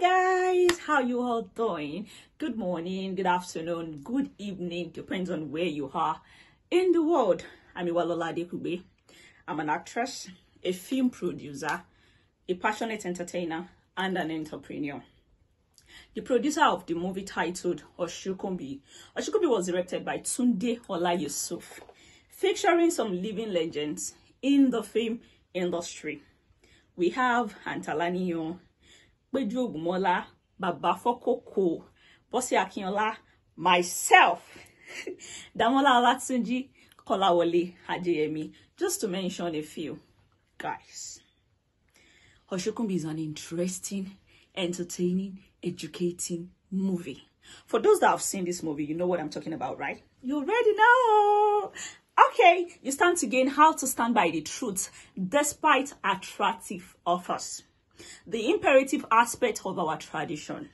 guys how you all doing good morning good afternoon good evening depends on where you are in the world i'm iwalola dekube i'm an actress a film producer a passionate entertainer and an entrepreneur the producer of the movie titled Oshukumbi. Oshukumbi was directed by Tunde Ola Yusuf, featuring some living legends in the film industry. We have Antalaniyo, péjú ògùnmọ́lá bàbá fọ́kókó bọ́sì akínọlá myself damola olatunji kọ́láwọlé adéyẹmí just to mention a few guys oshukumbi is an interesting entertaining educating movie for those that have seen this movie you know what i'm talking about right you already know okay you stand to gain how to stand by the truth despite attractive offers the imperative aspect of our tradition,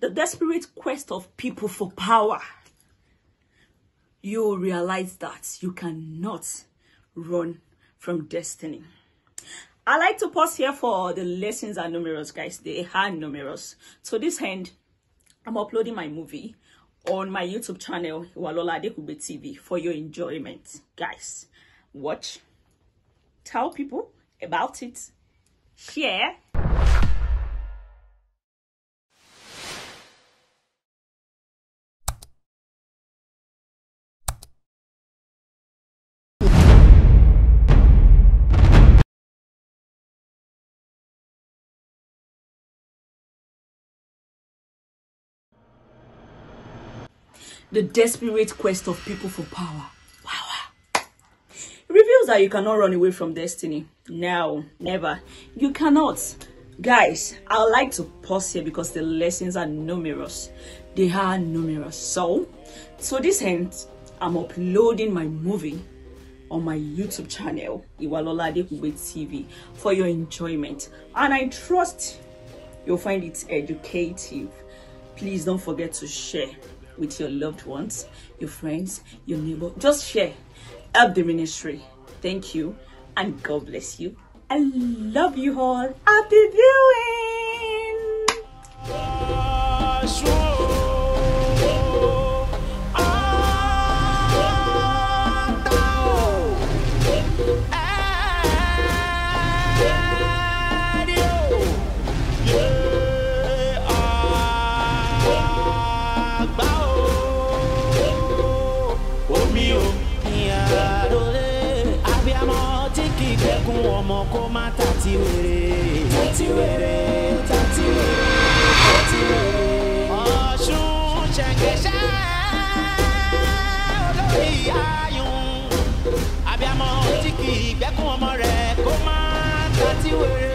the desperate quest of people for power, you realize that you cannot run from destiny. I like to pause here for the lessons are numerous, guys. They are numerous. To this end, I'm uploading my movie on my YouTube channel, Walola Adekube TV, for your enjoyment. Guys, watch, tell people about it, share. The desperate quest of people for power that you cannot run away from destiny. No, never. You cannot. Guys, I would like to pause here because the lessons are numerous. They are numerous. So, so this ends. I'm uploading my movie on my YouTube channel, Iwalola with TV, for your enjoyment. And I trust you'll find it educative. Please don't forget to share with your loved ones, your friends, your neighbor. Just share. Help the ministry. Thank you and God bless you. I love you all. Happy viewing! ti wèrè mo ti wèrè ta ti wèrè mo ti wèrè. Ọ̀ṣun ṣẹ̀ǹgẹ̀ṣẹ̀ olórí ayùn abiyamọ tí kì í gbẹ́kún ọmọ rẹ̀ kó má ta ti wèrè.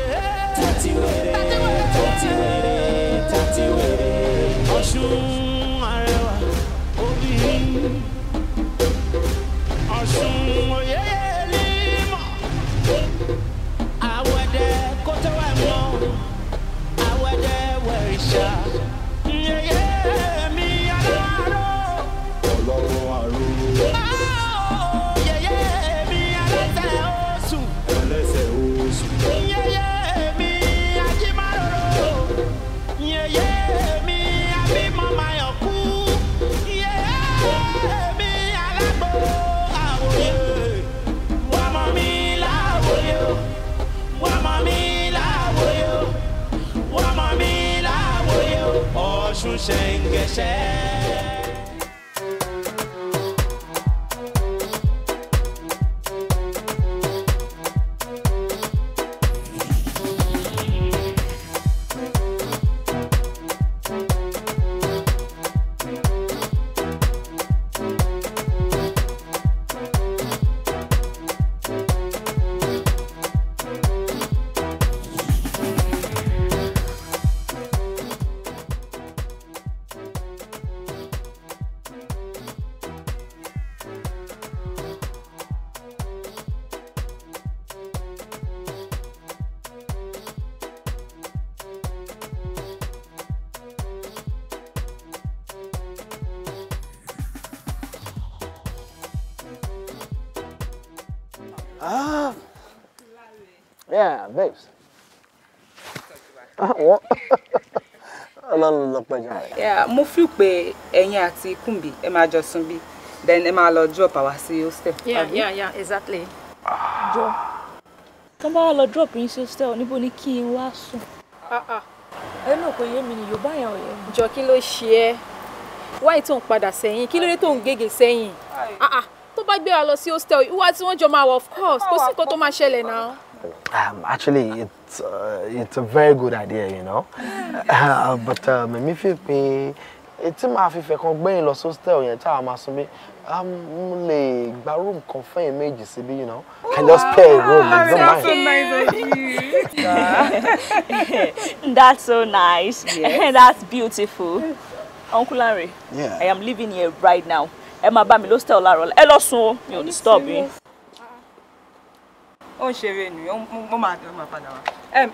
yeah mo feel pé ẹ̀yin ati kumbi, ẹ máa jọ sùn bí then ẹ máa lọ drop àwa sí hostel. yeah àbí? yeah yeah exactly. Ah. jọ tó bá wà drop yín sí hostel níbo ni kí n Ah ah. ẹ náà kò yé mi ni yorùbá yẹn ò yé mi. jọ kí ló ṣe ẹ́ wáyé tó ń padà sẹ́yìn kí ló dé tó ń gègé sẹ́yìn ah, ah. tó bá gbé wa lọ sí hostel ìwà tí wọ́n jọ máa wọ̀ of course kò sí nǹkan tó máa ṣẹlẹ̀ náà. Um, actually it it's uh, it's a very good idea you know uh, but uh, mi fi feel etí It's my fẹ́ kan gbẹ̀yìn lọ sóstẹ́ọ̀ yẹn tá a máa sùn bí mo room Confirm fẹ́ méjì you know can just oh, pay a room Don't mind. that's so nice yes. that's beautiful uncle Larry yeah. i am living here right now ẹ máa bá mi lóstẹ́ọ̀ láàárọ̀ ẹ lọ sùn o mi ò disturb yín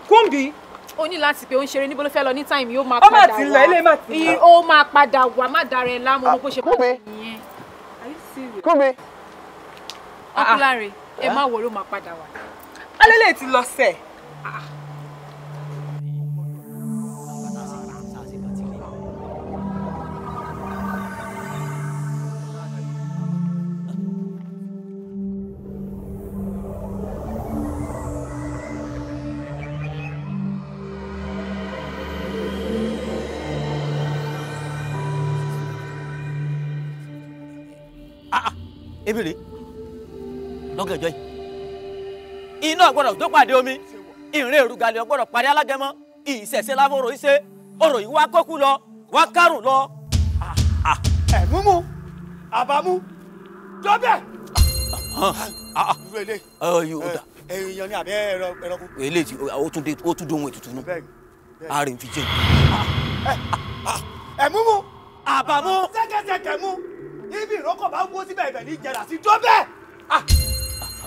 kúmbì. o ní láti pé o ń ṣeré níbo ló fẹ́ lọ ní táìmù yóò máa padà wá ó máa ti lọ ilé máa ti lọ. ó máa padà wá má dára ẹ̀ láàmú bó ṣe pàdé nìyẹn. kúmbì. ọkùnrin ah, ah. ẹ má wọlé ó máa padà wá. alẹ́ lè ti lọ sẹ́ẹ̀. Ah, ebi rè lọ́gàn ìjọ yìí iná ọ̀gbọ́dọ̀ tó pàdé omi ìrìn èrúgalè ọ̀gbọ́dọ̀ pàdé alágẹmọ ìṣẹ̀ṣẹ̀ láfọ̀rọ̀ ìṣe orò yìí wá kókú lọ wá kárùn lọ. Ah, ah. ẹ múmu àbámú jọbẹ. Ah, ẹyin yan ni àbẹ ẹranko. èlé tí o tún dohun ètùtù nù ààrẹ ń fi jẹun. ẹ múmu àbámú. sẹkẹsẹkẹ mú ibi ìrókò bá wó síbẹ̀ ibẹ̀ ní ìjẹrà sí tó bẹ́ẹ̀. Ah!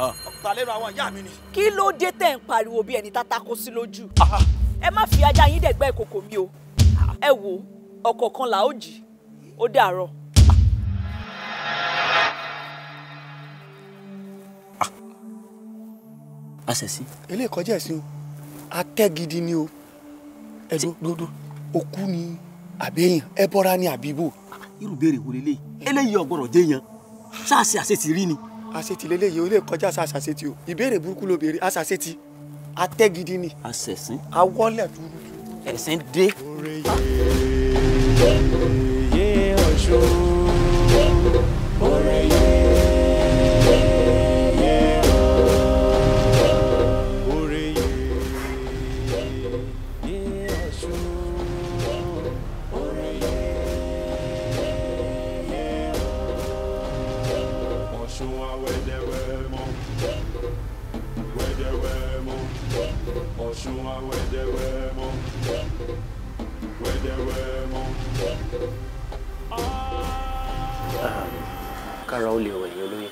Ah! ọ̀tàlẹ́rọ àwọn ìyá mi ni. kí ló dé tẹ̀ ń pariwo bí ẹni tata kó sí lójú. Ah! ẹ má fi ajá yín dẹ̀gbẹ́ ìkòkò mi o. ẹ wo ọkọ̀ kan là ó jì ó dàárọ̀. àṣẹ̀sí. eléyìí kọjá ẹ̀sìn o atẹ́ gidi ni o ẹ̀dọ́ òkú ni àbẹ̀yìn ẹbọra ni àbíbò irú béèrè wo lélẹ́yìí eléyìí ọ̀gbọ́dọ̀ jẹ́ yan sáàsì àṣetì rí ni. àṣetì lélẹ́yìí ó lè kọjá sáàsì àṣetì o ìbéèrè burúkú ló béèrè àṣàṣetì atẹ́gidi ni. àṣẹ̀sìn. awọ́lẹ̀ dúró. ẹ̀sìn dé. oore yeye ọ̀ṣun. kára ó lè wọ̀ yìí olóyè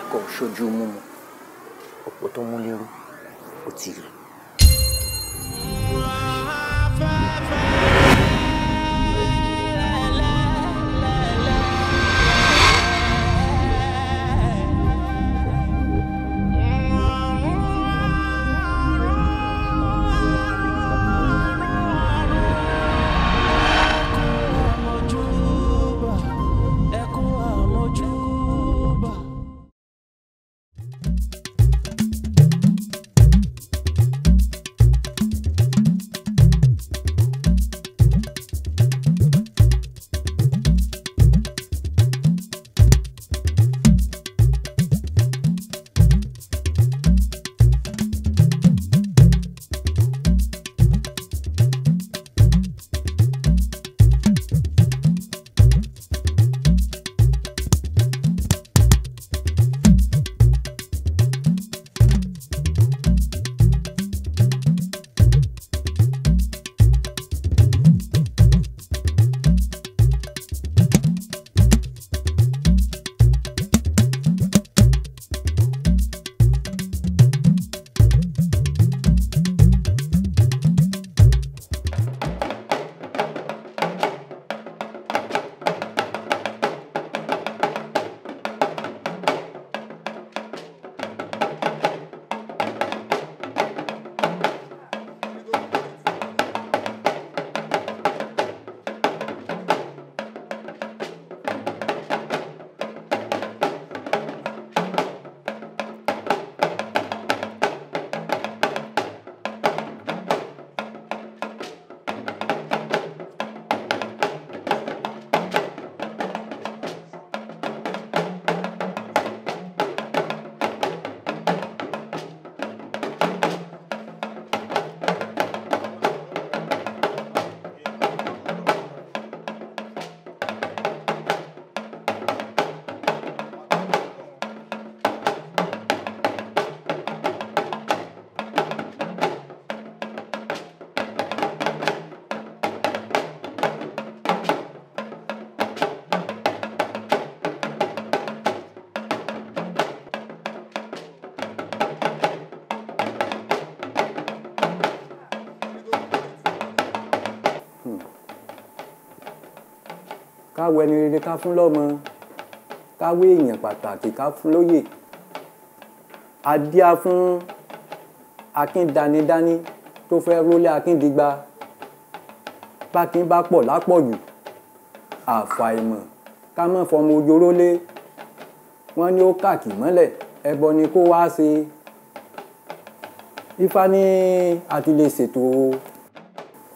ẹ̀kọ́ òṣojú mímu ọ̀pọ̀ tó mú lérú ó ti rí ká wo ẹni rere ká fún lọ́mọ ká wé èèyàn pàtàkì ká fún lóyè adíá fún akíndanidání tó fẹ́ rólé akíndigba bákin bá pọ̀ lápọ̀jù àfàìmọ̀ ká mọ̀ fọmọ ojóró lé wọ́n ní ó kàkì mọ́lẹ̀ ẹbọ ni kó wá ṣe ifá ní àti lè ṣètò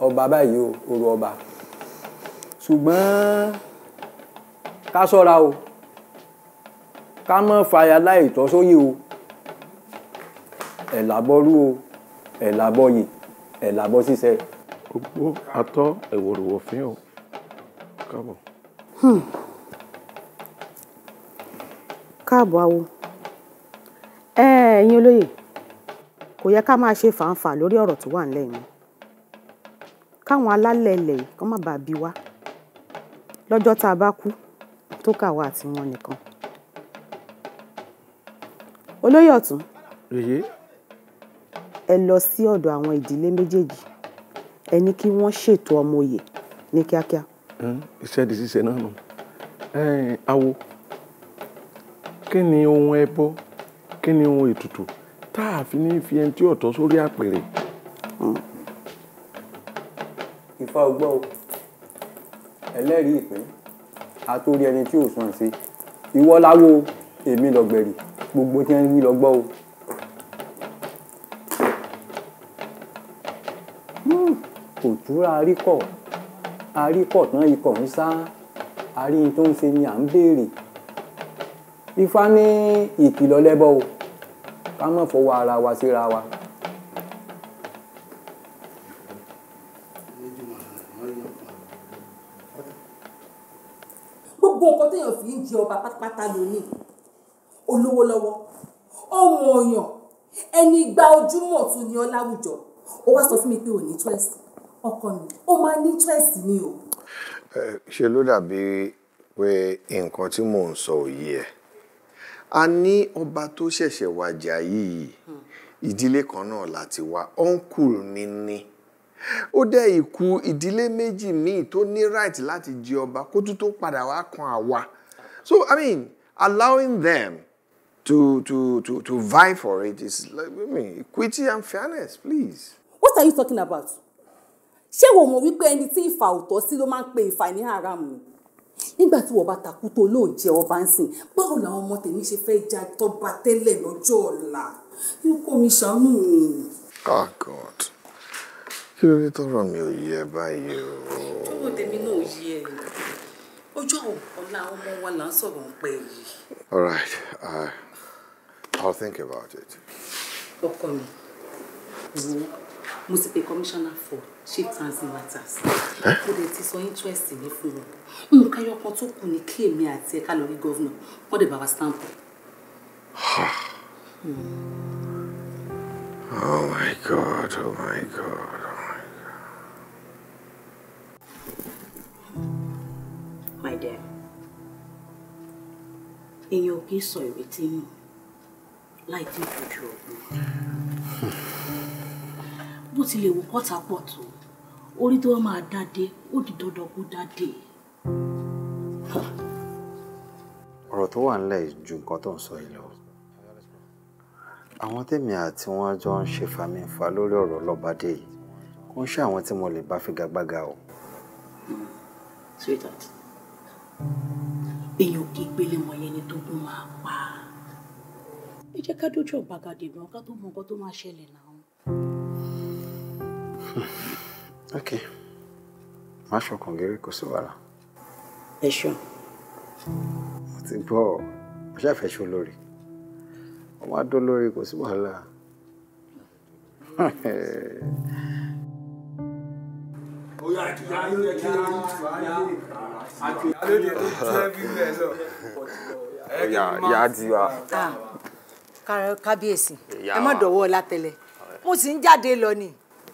ọba báyìí o òru ọba ṣùgbọ́n ká sọ́ra o ká mọ́ fàyà láì tọ́ sóyè o ẹ̀làbọ́rú o ẹ̀làbọ́yè ẹ̀làbọ́ ṣíṣe. gbogbo atọ́ ẹ̀wòrìwò fín o káàbọ̀. Hmm. káàbọ̀ awo ẹ̀yin olóyè kò yẹ ká máa ṣe fàǹfà lórí ọ̀rọ̀ tó wà nílẹ̀ yìí káwọn alálẹ̀ ilẹ̀ yìí kó má bàa bí wa lọ́jọ́ tá a bá kú tó kàwé àti wọn nìkan. olóyè ọ̀tún ẹ lọ sí ọ̀dọ̀ àwọn ìdílé méjèèjì ẹ ní kí wọ́n ṣètò ọmọ ní kíákíá. iṣẹ́ di ṣíṣe náà nù awo kí ni ohun ẹbọ kí ni ohun ètùtù tá a fi ní fi ẹni ọ̀tọ̀ sórí àpèrè. Ifá ọgbọ́n ẹlẹ́rìí ìpín àtòrí ẹni tí ò sàn sí ìwọ láwo èmi lọ̀gbẹ̀rì gbogbo tí wọ́n ń wí lọ́gbọ́ o. Hmm, òtúrá aríkọ̀ aríkọ̀ tán ikọ̀ ń sá àrí tó ń ṣe ni à ń béèrè ifá ní ìkìlọ̀ o ká má fọwọ́ ara wa síra wa. Si pátá lónìí olówó lọ́wọ́ ọmọ ọ̀yàn ẹni gba ojúmọ̀ tún ní ọ láwùjọ ó wá sọ fún mi pé ò ní twelve ọkọ mi ó máa ní twelve ni o. ṣe ló dàbí pé nǹkan tí mò ń sọ òye ẹ a ní ọba tó ṣẹ̀ṣẹ̀ wàjà yìí ìdílé kan náà láti wá ọ́nkù mi ni ó dẹ̀ ìkú ìdílé méjì míì tó ní right láti jẹ ọba kó tún tó padà wá kan àwa. So, I mean, allowing them to, to, to, to vie for it is, like, I mean, equity and fairness, please. What are you talking about? ṣé wo mo wípé ẹni tí ìfà òtọ́ sí ló máa ń pe ìfà ní haramu nígbà tí wọ́n bá takú tó lóò jẹ́ ọba ń sìn báwo làwọn ọmọ tèmi ṣe fẹ́ já tọ́ba tẹ́lẹ̀ lọ́jọ́ ọ̀la yóò kó mi ṣàánú mi. ah god kí ló dé tọrọ mi ò yẹ báyìí o. tọwọ tèmi náà yẹ ọjọ́ àwọn all right uh, I'll think about it. ọkọ mi wo mo commissioner for shift and matters mo dẹ̀ ti sọ interest mi fún wọn nǹkan ẹyọkan tó kù ní kí èmi àti ẹ̀ka lọ stamp. Oh, oh my god. Oh my god. my dear èèyàn ò kí sọ ìrètí nù láì tí ìfojú ọgbọ́n bó tilẹ̀ wò kọ́ta pọ̀ tó orí tó wá máa dáde ó di dandan kó dáde. ọ̀rọ̀ tó wà nílẹ̀ ju nǹkan tó ń sọ yìí lọ àwọn tèmi àti wọn jọ ń ṣe fàmìfà lórí ọ̀rọ̀ lọ́bàdé yìí kò ń ṣe àwọn tí mo lè bá figagbága o èèyàn kì í gbélé mọ ẹni tó gún máa pa ẹ jẹ́ ká dójú ọ̀gbagadè gan ká tó mọ nǹkan tó máa ṣẹlẹ̀ náà. Hmm. ok má ṣọkàn gẹ́rẹ́ kò sí wàhálà. ẹ ṣọ. mo ti gbọ́ ọ ṣàfẹ́ ṣó lórí ọmọ adó lórí kò sí wàhálà. bóyá ìyá di wa. kábíyèsí ẹ má dọ̀wọ́ látẹlẹ mo sì ń jáde lọ ni.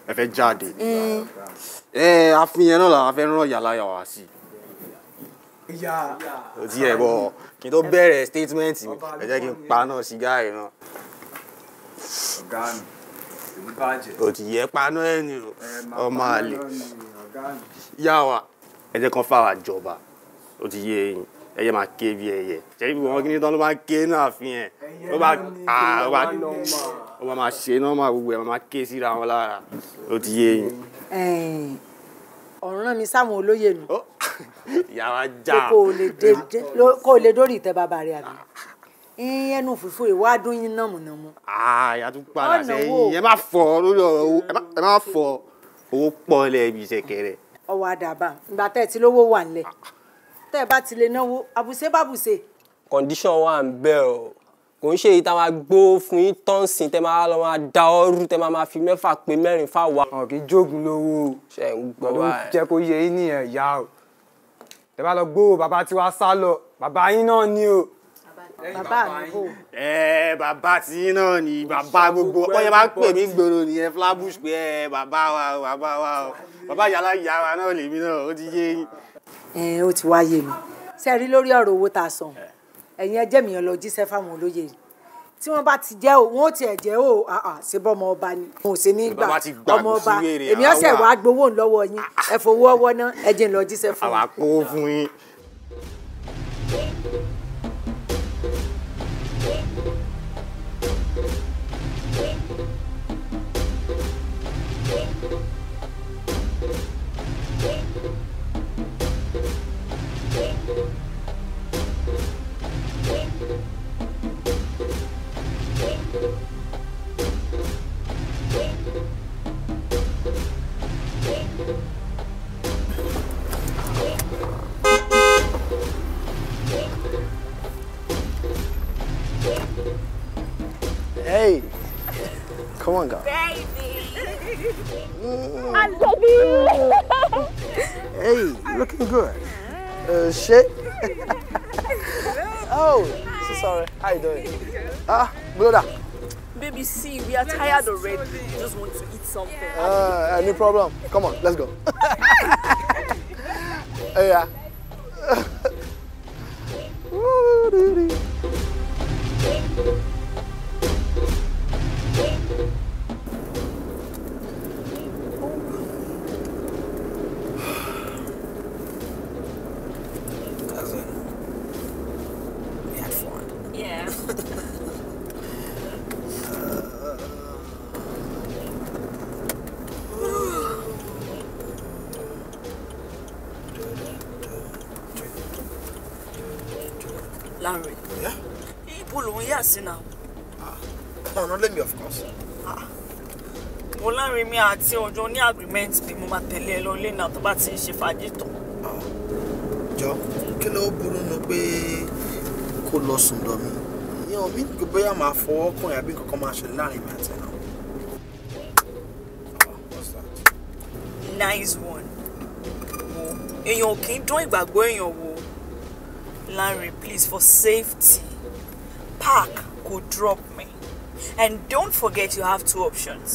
ẹ fẹ́ jáde. Mm. ẹ àfihàn náà la fẹ́ ràn yàrá yàrá sí i ìyá. o ti yẹ bọ kí n tó bẹ̀rẹ̀ statement mi ẹ jẹ́ kí n paná sìgá yìí náà. ọ̀gá mi èmi bàjẹ́. o ti yẹ paná ẹ̀ ni o ọmọ àlè yá wa ẹ jẹ́ kán fáwọn àjọba ó ti yé eyín ẹyẹ máa ké bí ẹyẹ jẹ́bi wọn kí ni tán ló máa ké náà fi hàn ló bá ó bá ó bá máa ṣe náà máa gbogbo ẹ̀ máa ké síra wọn lára ó ti yé eyín. ọ̀ràn mi sáwọn olóyè mi ìyá wa já kó o lè dórí ìtẹ́ bàbá rẹ̀ àbí ẹnu fùfú ìwádùn yín nàmùnàmù. àyà tún padà sẹ́yìn ẹ má fọ lórí ọ̀rọ̀ ẹ má fọ owó pọ̀ lẹ́ẹ̀bi ṣẹ̀kẹ̀rẹ̀. ọwọ́ àdàbà ìgbà tẹ́ ẹ ti lówó wà nílẹ̀ tẹ́ ẹ bá ti lè náwó àbùsẹ́ bàbùsẹ́. condition wa ń bẹ o kò ń ṣe èyí tá a máa gbó fún yín tọ́ǹsìn tẹ́ máa lọ máa da ọ́rú tẹ́ máa fi mẹ́fà pé mẹ́rin fáwa. ọ̀n kì í jogun lówó o ṣe ń gbọ́ báyìí jẹ́ kó yẹ yín nìyẹn yá o tẹ́ bá lọ gbó bàbá tiwa sá lọ bàbá yín náà ni o bàbá mi bò. ẹ bàbá tí náà ni bàbá gbogbo ọyẹ máa ń pè mí gbòòrò nìyẹn flabush pé ẹ bàbá wa o bàbá wa o bàbá yàrá ìyá wa náà lèmi náà ó ti yé yín. ẹ ó ti wá yé mi sẹ́ẹ̀rí lórí ọ̀rọ̀ owó tá a san ẹ̀yin ẹjẹ́ mi yẹn lọ jíṣẹ́ fáwọn olóyè yìí tí wọ́n bá ti jẹ́ o wọ́n ó tiẹ̀ jẹ́ o ṣe bọ́ ọmọ ọba ni mo sì ní gbà ọmọ ọba èmi ọ̀sẹ̀ wàá gbowó lọ́wọ́ yín ẹ fowó ọwọ́ náà ẹjẹ́ lọ jíṣẹ́ fún mi. àwa kó fún yín. Hey, come on, girl. Baby. Mm. I love you. hey, looking good. Uh, shit. oh, so sorry. How you doing? Ah, brother. Baby, see, we are tired already. We just want to eat something. Uh, uh no problem. Come on, let's go. Oh, yeah. doo -doo. Thank you. àti ọjọ́ ní agreement pé mo máa tẹ̀lé ẹ lọ ilé náà tó bá ti ń ṣe fàájì tán. Ah, jọ kí ló burú nu pé kó lọ sùn lọ mi ìyẹn ò kò bóyá máa fọwọ́ kàn yà bí kankan máa ṣe láàrin mi àti ẹ̀ náà. Ah, nice one wo èèyàn kì í dán ìgbàgbọ́ èèyàn wò Larry please for safety park go drop me and don't forget you have two options.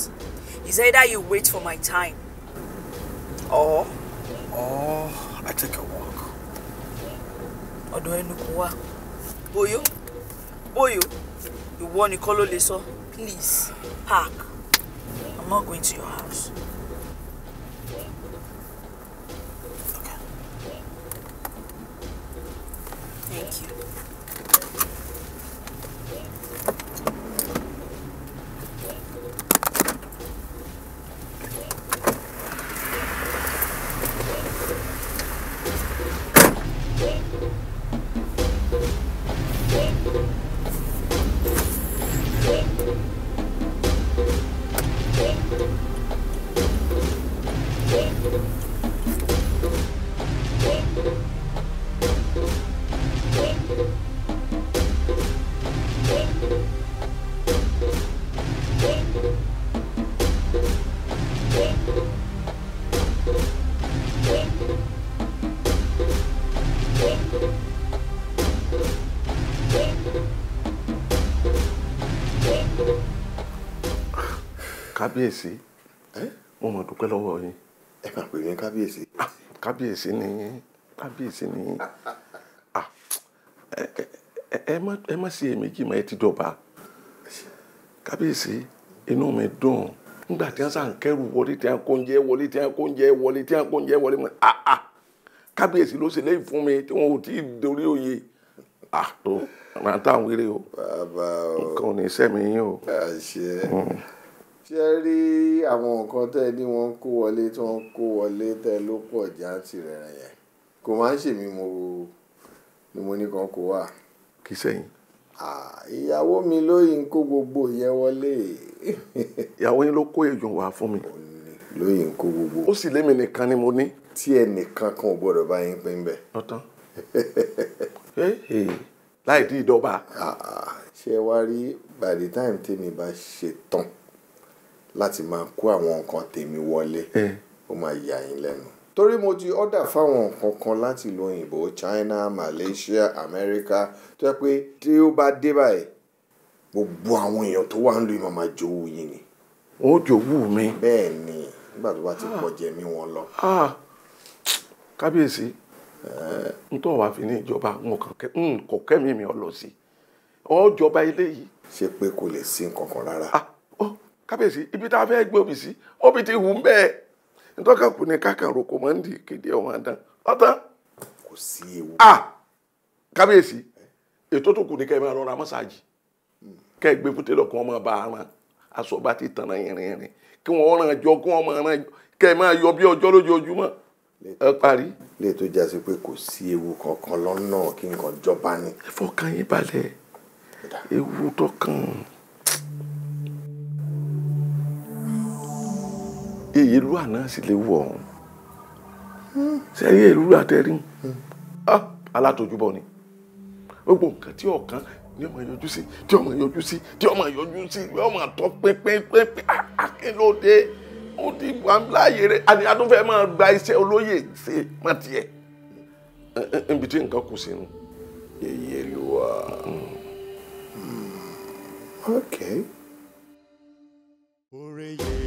Is either you wait for my time or. Or I take a walk. or Ọ̀dọ̀ ẹnu kò wá. Boyo, Boyo, you? nìkan ló lè sọ, please, park. I'm not going to your house. kábíyèsí mo mọ̀ dúpẹ́ lọ́wọ́ yín. ẹ máa pè mí kábíyèsí. Ah, kábíyèsí ni kábíyèsí ni ah, ẹ má sí èméjì mọ́ ẹ ti dọ̀ba kábíyèsí inú mi dùn nígbà tí wọ́n sàn kẹ́rù wọlé tí wọ́n kó oúnjẹ wọlé tí wọ́n kó oúnjẹ wọlé tí wọ́n kó oúnjẹ wọlé mọ́ àà ah, kábíyèsí ló ṣe léyìí fún mi tí wọn ò tí ì dorí òye àtò màá táwọn eré o nǹkan ò ní sẹ́mi yín o ṣe rí àwọn nǹkan tẹ́ ní wọ́n kó wọlé tí wọ́n kó wọlé tẹ́ ló pọ̀ jáǹtì rẹ̀ yẹn kò máa ń ṣèmí mo ni mo ní kan kó wà. kì í sẹ́yìn. ìyàwó mi ló yìí kó gbogbo yẹn wọlé. ìyàwó yín ló kó èèyàn wá fún mi. ló yìí kó gbogbo. ó sì lémi nìkan ni mo ní. tí ẹnìkan kan ò gbọdọ̀ bá yín pín bẹ́ẹ̀. ọ̀tán láì dí ìdọ́ba. ṣé wàá rí by the time tèmi bá ṣe tán láti máa kó àwọn nǹkan tèmi wọlé ó máa yà yín lẹ́nu. torí mo ti ọ́dà fáwọn nǹkan kan láti ìlú òyìnbó China Malaysia America tó yẹ pé tí ó bá dé báyìí gbogbo àwọn èèyàn tó wà ń lu ìmọ̀ máa jowú yín ni. ó jowú mi. bẹ́ẹ̀ ni nígbà tó bá ti pọ̀ jẹ mí wọn lọ. Ah, ah. kábíyèsí eh. n tó wàá fi ní ìjọba n kẹ́mi mi ọ lọ sí ọ jọba eléyìí. ṣé pé kò lè sí nǹkan kan rárá. Ah, kábíyèsí ibi tá a fẹ́ gbé omi sí omi ti hù bẹ́ẹ̀ ntọ́ka kù ní kákàrò kò máa ń di kéde ọmọ àdán ọ̀tán. kò sí ewu. a kábíyèsí ètò tó kù ní kẹ́ẹ̀ máa lọ ra mọ́sáàjì kẹ́ẹ̀ gbé fúté lọ kí wọ́n máa bá ara aṣọ bá ti tàn yìnrìnyìnrìn kí wọ́n ràn jọ kí wọ́n máa ràn kẹ́ẹ̀ máa yọ bí ọjọ́ lójoojúmọ́ ẹ parí. lè tó jásí pé kò sí ewu kankan lọ́nà kí nǹkan jọba ni. ẹ fọkàn yín balẹ̀ ewu tó kàn án. Yèyélúwà náà sì léwu ọ̀hún sẹ́yìn Yèyélúwà tẹ́rí alátojúbọ ni gbogbo nǹkan tí ọ̀kan ni ọmọ yọjú sí tí ọmọ yọjú sí tí ọmọ yọjú sí ọmọ tọ pínpínpínpín akínlóde ó ti wà láàyè rẹ àti adúfẹ́ máa gba iṣẹ́ olóyè ṣe má tiẹ̀ níbi tí nǹkan kù sí nu. Yèyélúwà. Hmm. Hmm. okay. Oreye.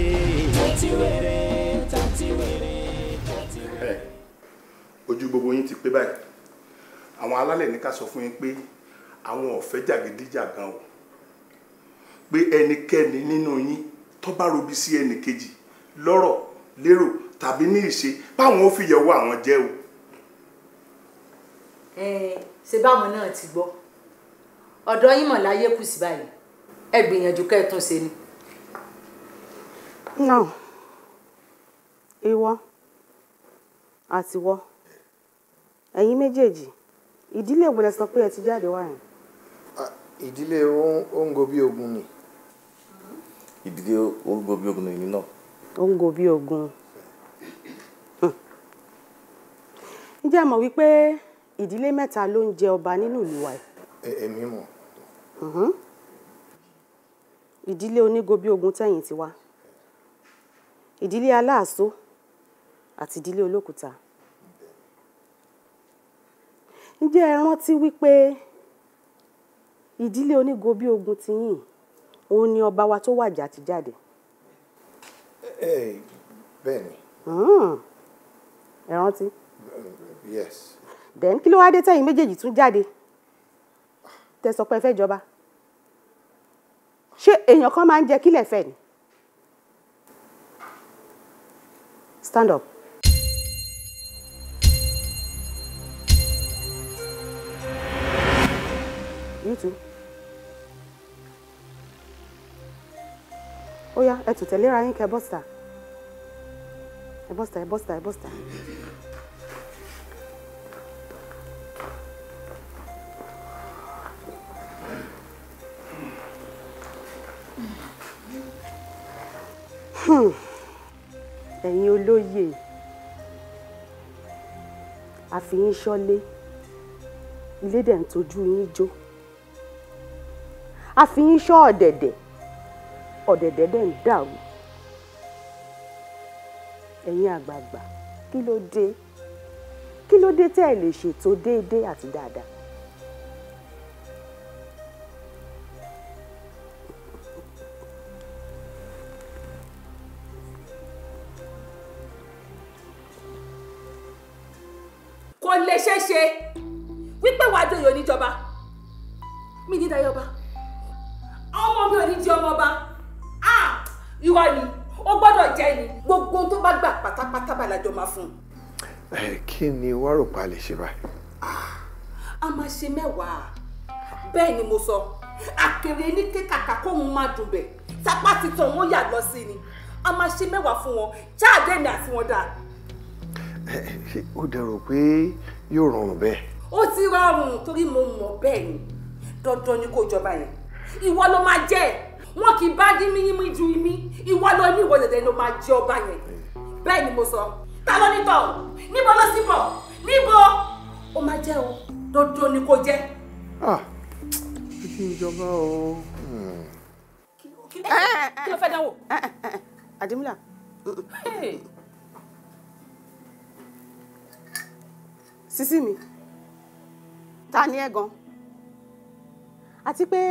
ojú gbogbo yín ti pé báyìí àwọn alálẹ̀ ní ká sọ fún yín pé àwọn ò fẹ́ jàgídíjàgan o pé ẹnikẹ́ni nínú yín tó bá robi sí ẹnìkejì lọ́rọ̀ lérò tàbí ní ìṣe báwọn ó fi yẹ̀wò àwọn jẹ́ o. ẹ ṣe báwọn náà ti gbọ́ ọ̀dọ̀ yín mọ̀ láyé kù sí báyìí ẹ gbìyànjú kẹ́ ṣe ni. náà. No ìwọ àtiwọ́ ẹ̀yin méjèèjì ìdílé wo lẹ sọ pé ẹ ti jáde wá yẹn. Ah, ìdílé òǹgò bíi ogun ni. ìdílé òǹgò bíi ogun ni èmi náà. òǹgò bíi ogun. ǹjẹ́ ẹ mọ̀ wípé ìdílé mẹ́ta ló ń jẹ ọba nínú ìlú wa yìí. èmi mọ̀. ìdílé onígo bíi ogun tẹ̀yìn tiwa ìdílé aláàsó àti ìdílé Olókùta. Ǹjẹ́ ẹ rántí wípé ìdílé onígobí ogun ti yìn òun ni ọba wa tó wàjà ti jáde. Eh, eh, bẹ́ẹ̀ni. Hmm. ẹ rántí. yes. then kí ló wá dé tẹ́yìn méjèèjì tún jáde tẹ́ sọ pé ẹ fẹ́ jọba ṣé èèyàn kan máa ń jẹ kílẹ̀ fẹ́ ni. stand up. You too. Ó yá, ẹ tún tẹ̀léra yín kẹ́ bọ́sítà. Ẹ bọ́sítà, ẹ bọ́sítà, ẹ bọ́sítà. Hmm. Ẹ̀yin olóyè, àfi yín ṣọ́lé, ilé dẹ̀ ń tọ́jú yín jó a fi ń ṣọ́ ọ̀dẹ̀dẹ̀ ọ̀dẹ̀dẹ̀ dẹ̀ ń dàrú ẹ̀yin àgbààgbà kí ló dé kí ló dé tẹ́ ẹ lè ṣètò déédéé àti dáadáa ló máa fún un. ẹ kí ni wàá rò pa lè ṣe báyìí. Ah, a máa ṣe mẹ́wàá bẹ́ẹ̀ ni mo sọ àkèrè ní kékàkà kóun máa dùn bẹ̀ sápá ti tàn wọ́n yà lọ sí ni a máa ṣe mẹ́wàá fún wọn jáde ní àti wọn dà. ó dẹrọ pé yóò rọrùn bẹ́ẹ̀. ó ti rọrùn torí mo mọ̀ bẹ́ẹ̀ ni dandan ni kò jọba yẹn ìwọ ló máa jẹ́ ẹ̀ wọn kì í bá dín mímí ju imí ìwọ ló ní ìwọ lẹ̀dẹ̀ ló máa jẹ ọba yẹn bẹ́ẹ̀ ni mo sọ ta ló ní tọ̀ níbo ló sì bọ̀ níbo ó máa jẹ́ o dodo ni kò jẹ́. Ah, kí n jọba o. kí ló fẹ́ dánwò. àdìmúlà. sísí mi ta ni ẹ gan àti pé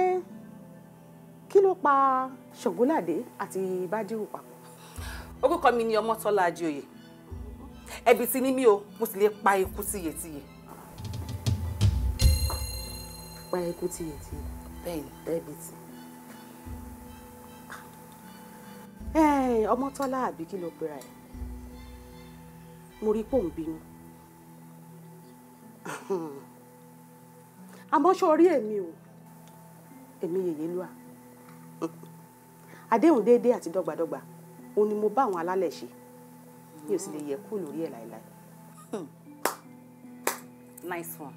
kí ló pa ṣògúnládé àti bádìrú papọ̀. orúkọ mi ni ọmọtọ́lá adéoyè ẹbí ti ní mí o mo sì lè pa eku tiyetiye. pa eku tiyetiye. bẹ́ẹ̀ni ẹbí ti. ọmọtọ́lá àbí kí ló pera ẹ̀ mo rí pòun bínú àmọ́ ṣe orí èmi o èmi yèyé lúà àdéhùn déédéé àti dọ́gbadọ́gba òun ni mo bá àwọn alálẹ̀ ṣe mi ò sì lè yẹ kú lórí ẹ̀ láìláì. Hmm. nice one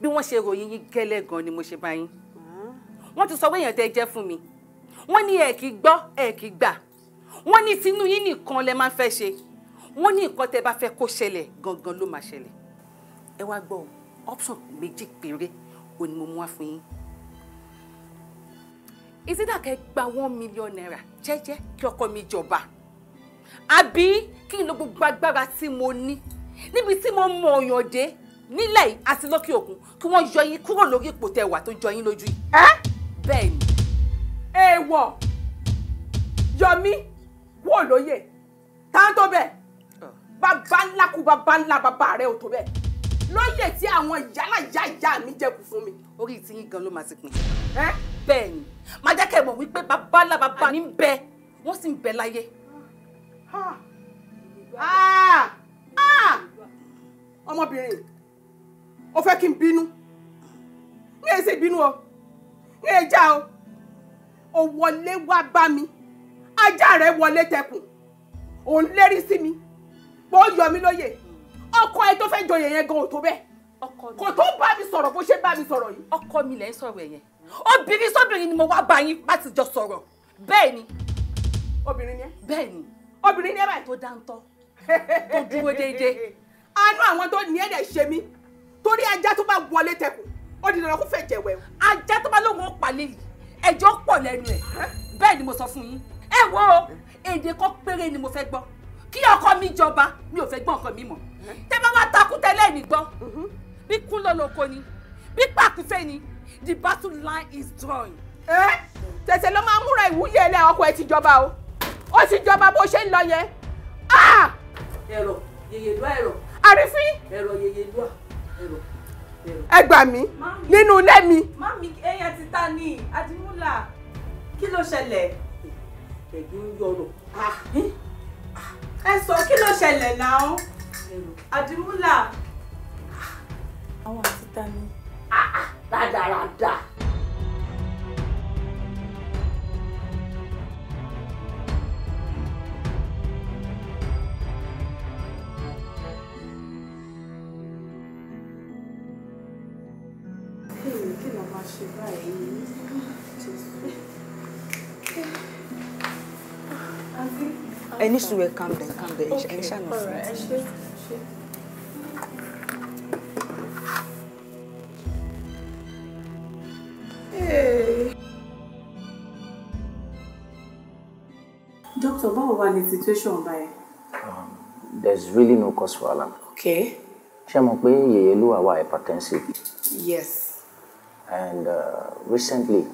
bí wọ́n ṣe ròyìn yín gẹ́lẹ́ gan ni mo ṣe bá yín ah. wọ́n ti sọ pé èèyàn tẹ́ jẹ́ fún mi wọ́n ní ẹ̀ kì í gbọ́ ẹ̀ kì í gbà wọ́n ní tinú yín nìkan lẹ máa ń fẹ́ ṣe wọ́n ní nǹkan tẹ́ bá fẹ́ kó ṣẹlẹ̀ gangan ló máa ṣẹlẹ̀ ẹ wá gbọ́ option méjì péré òun ni mo mú wá fún yín ìsídàkẹ́ gba one million naira jẹ́jẹ́ kí ọkọ mi jọba àbí kí n lo gbogbo agbára tí mo ní níbi tí mo mọ ọ̀yàn dé nílẹ̀ yìí àti lókè òkun kí wọ́n yọ yín kúrò lórí ipò tẹwà tó jọ yín lójú yìí. bẹ́ẹ̀ ni. èèwọ̀ yọmí wò lóye tá tó bẹ́ẹ̀ oh. bàbá ńlá kú bàbá ńlá bàbá rẹ̀ ò tó bẹ́ẹ̀ lóye tí àwọn ìyálà ìyá mi jẹ fún mi. orí ti yín gan ló máa ti pin. bẹ́ẹ̀ ni màá jẹ́ kẹ́ ẹ mọ̀ wípé bàbá ńlá bàbá mi ń wọ́n sì ń bẹ láyé. Ah! Ah! ọmọbìnrin o fẹ́ kí n bínú ní èsì ìbínú o ní ẹja o o wọlé wá bá mi ajá rẹ wọlé tẹkùn òun lérí sí mi pé ó yọ mí lóye ọkọ ẹ tó fẹ́ jọyè yẹn gan ò tó bẹ́ẹ̀ kò tó bá mi sọ̀rọ̀ bó ṣe bá mi sọ̀rọ̀ yìí. ọkọ mi lẹ ń sọ̀rọ̀ yẹn obìnrin sóbìnrin ni mo wá bá yín láti jọ sọ̀rọ̀ bẹ́ẹ̀ ni. obìnrin ni ẹ. bẹ́ẹ̀ ni obìnrin ní ẹ báyìí tó dáńtọ́ tó dúró déédéé àánú àwọn tó ní ẹ̀dẹ̀ ṣe mí torí ajá tó bá wọlé tẹkùn ó di dandan kó fẹ́ jẹ̀wẹ̀ o. ajá tó bá lóun ó palẹ̀ yìí ẹjọ́ pọ̀ lẹ́nu ẹ̀ bẹ́ẹ̀ ni mo sọ fún yín ẹ wo èdè kan péré ni mo fẹ́ gbọ́ kí ọkọ mi jọba mi ò fẹ́ gbọ́ nǹkan mi mọ̀ tẹ́ bá wá takú tẹ́lẹ̀ ní bí kún lọ́lọ́kọ ni bí pàkúté ni the battle line is drawn. ẹ tẹ̀sẹ̀ ló máa múra ìwúyẹ̀ ilé ọkọ ẹ ti jọba o ó ti jọba bó ṣe ń lọ yẹn. Ah! ẹ̀rọ yèyèdúà ẹ̀rọ. àrífín. ẹ̀rọ yèyèdúà ẹ̀rọ. ẹ gbà mí nínú ilé mi. mami ẹyẹ ti ta ni adimula kí ló ṣẹlẹ̀. ẹ̀gbọ́n yọrọ. Ah, ẹ sọ kí ló ṣẹlẹ̀ náà adimula. àwọn àti ta ni. rádaràda. Ah, I need to ẹ calm down calm down ẹ ṣàmì fún mi. Doctor, what wà the situation by? Um, there's really no cause for alarm. Okay. Ṣé mo pé yèyé ló wà wá hypertensive? Yes and uh, recently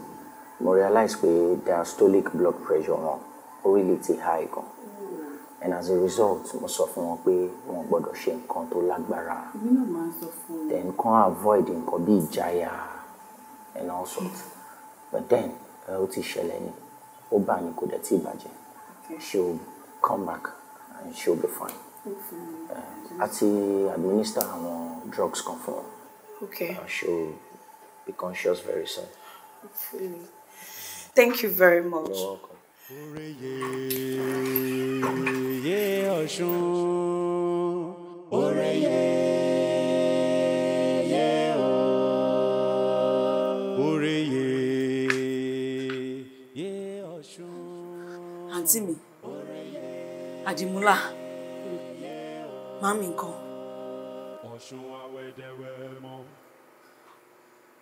mo realize pé diastolic blood pressure wọn ó really ti high gan and as a result mo sọ fún wọn pé wọn gbọ́dọ̀ ṣe nǹkan tó lágbára then kan avoid nǹkan bí jaya, and all sorts but then ó ti ṣẹlẹ̀ ni ó bá ní kò dẹ̀ tí ì she will come back and she will be fine àti administer àwọn drugs kan fún wọn. Okay. Uh, she will be conscious very soon. Hopefully. Thank you very much. You're welcome. Oreye Ọ̀ṣun, oreye o, oreye Ọ̀ṣun. Àǹtí mi, Àdìmúlà, màmí nǹkan.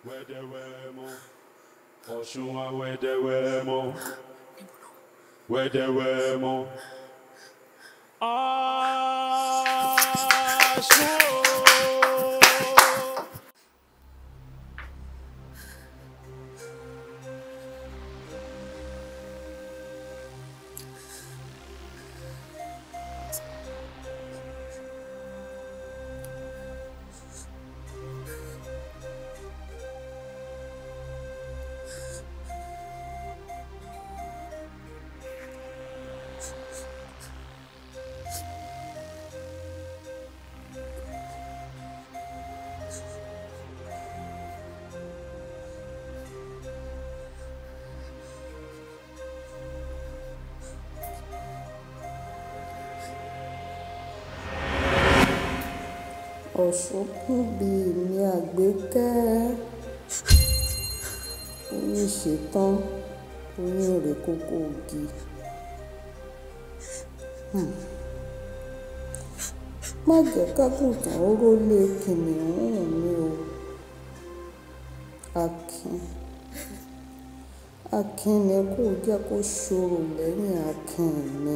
Where ọ̀ṣun wa wẹ́dẹ́wẹ́mọ́ Ah! ṣókùnbí mi àgbékẹ́ oyún ṣetán oyún rẹ̀ kókó ògì. Hmm. má jẹ́ kágùntàn ó rólé kìnìún mi o akin akin ni kò jẹ́ kó ṣòro lẹ́yìn akin mi.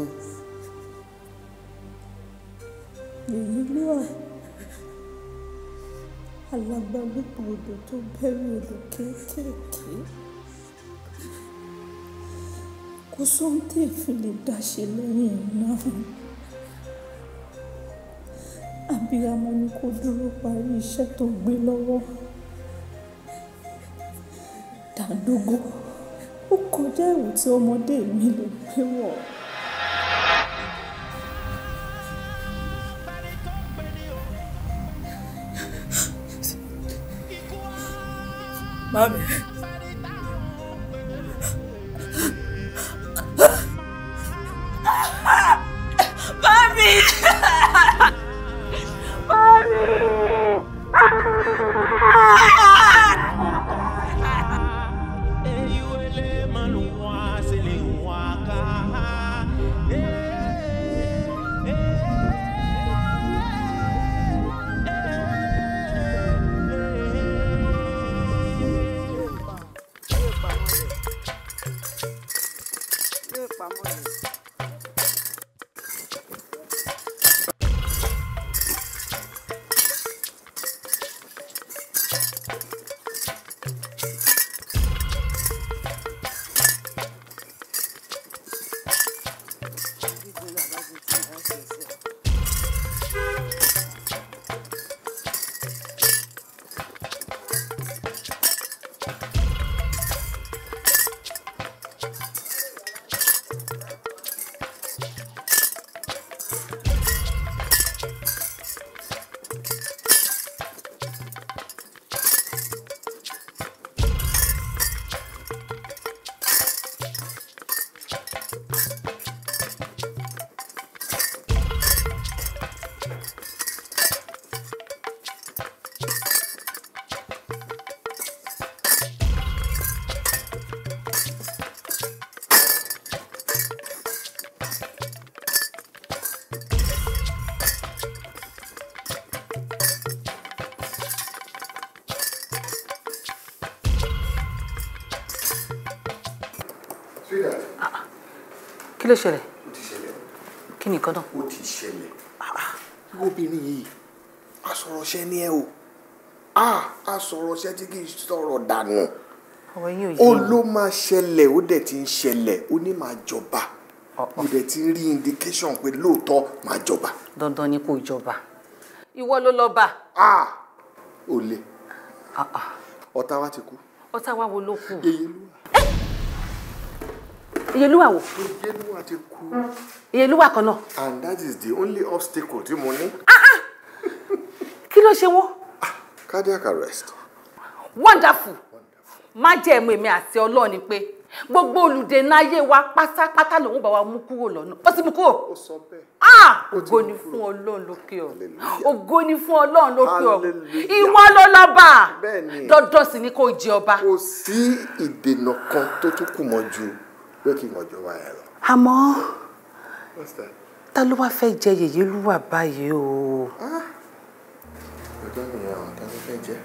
Èyí ló alàgbà gbígbà odò tó bẹ̀rù odò kéékèèké kò sóhun tí èéfín lè dá ṣe lẹ́yìn náà abiyamọ ni kò dúró parí iṣẹ́ tó gbé lọ́wọ́ dàdógó ó kọjá ẹ̀wù tí ọmọdé mi lè gbé wọ̀ ọ́. 妈咪。ló ṣẹlẹ̀. ó ti ṣẹlẹ̀. kí ni nǹkan náà. ó ti ṣẹlẹ̀. Ah, ah. obìnrin yìí asọ̀rọ̀ṣẹ́ ni ẹ o asọ̀rọ̀ṣẹ́ tí kì í sọ̀rọ̀ dànù ó ló máa ṣẹlẹ̀ ó dẹ̀ ti ń ṣẹlẹ̀ ó ní máa jọba ó dẹ̀ ti rí indication pé lóòótọ́ máa jọba. dandan ni kò jọba ìwọ ló lọ bá. ó le ah, ọ̀tá wa ti kú. ọ̀tá wa wo ló kù iyeluwa wo. iyeluwa ti kú. iyeluwa kan náà. and that is the only obstacle tí mo ní. Ah, ah. kí ló ṣe wọ́n. Ah, cardiac arrest. wonderful má jẹ́ ẹ̀mú èmi àti ọlọ́ọ̀ ni pé gbogbo olùdènà ayé wa pátápátá lòun bá wa mú kúrò lọ́nà ó ti mú kúrò. ó sọ bẹ́ẹ̀. ah ògo ni fún ọlọ́run lókè ọ̀run ògo ni fún ọlọ́run lókè ọ̀run ìwọ ló lọ́ba dandan sì ni kò jẹ ọba. kò sí ìdènà kan tó tún kù mọ́ ju pé kí wọ́n jọ wá ẹ lọ. àmọ́ ta ló wáá fẹ́ jẹ yèyé lúwà báyìí o. Ah! ọjọ́ ìyá àwọn ta ló fẹ́ jẹ.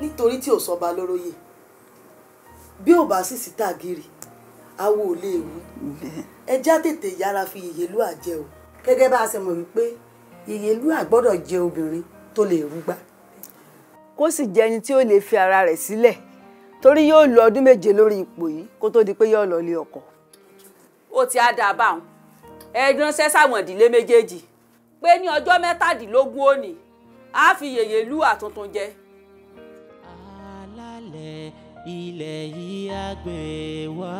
nítorí tí ò sọba lóróyè bí ò bá sì sí tàgìrì awo ò lè wú ẹja tètè yára fi yèyé lúwà jẹ o gẹ́gẹ́ bá a ṣe mọ̀ wípé yèyé lúwà gbọ́dọ̀ jẹ obìnrin tó lè rúgbà. kó sì jẹ ẹni tí ó lè fi ara rẹ̀ sílẹ̀. Si torí yóò lo ọdún méje lórí ipò yìí kó tó di pé yóò lọ ilé ọkọ. ó ti á dà bá wọn ẹ ránṣẹ́ sáwọn ìdílé méjèèjì pé ní ọjọ́ mẹ́tàdínlógún òní á fi yèyè lú àtúntún jẹ. alálẹ̀ ilẹ̀ yìí á gbé wá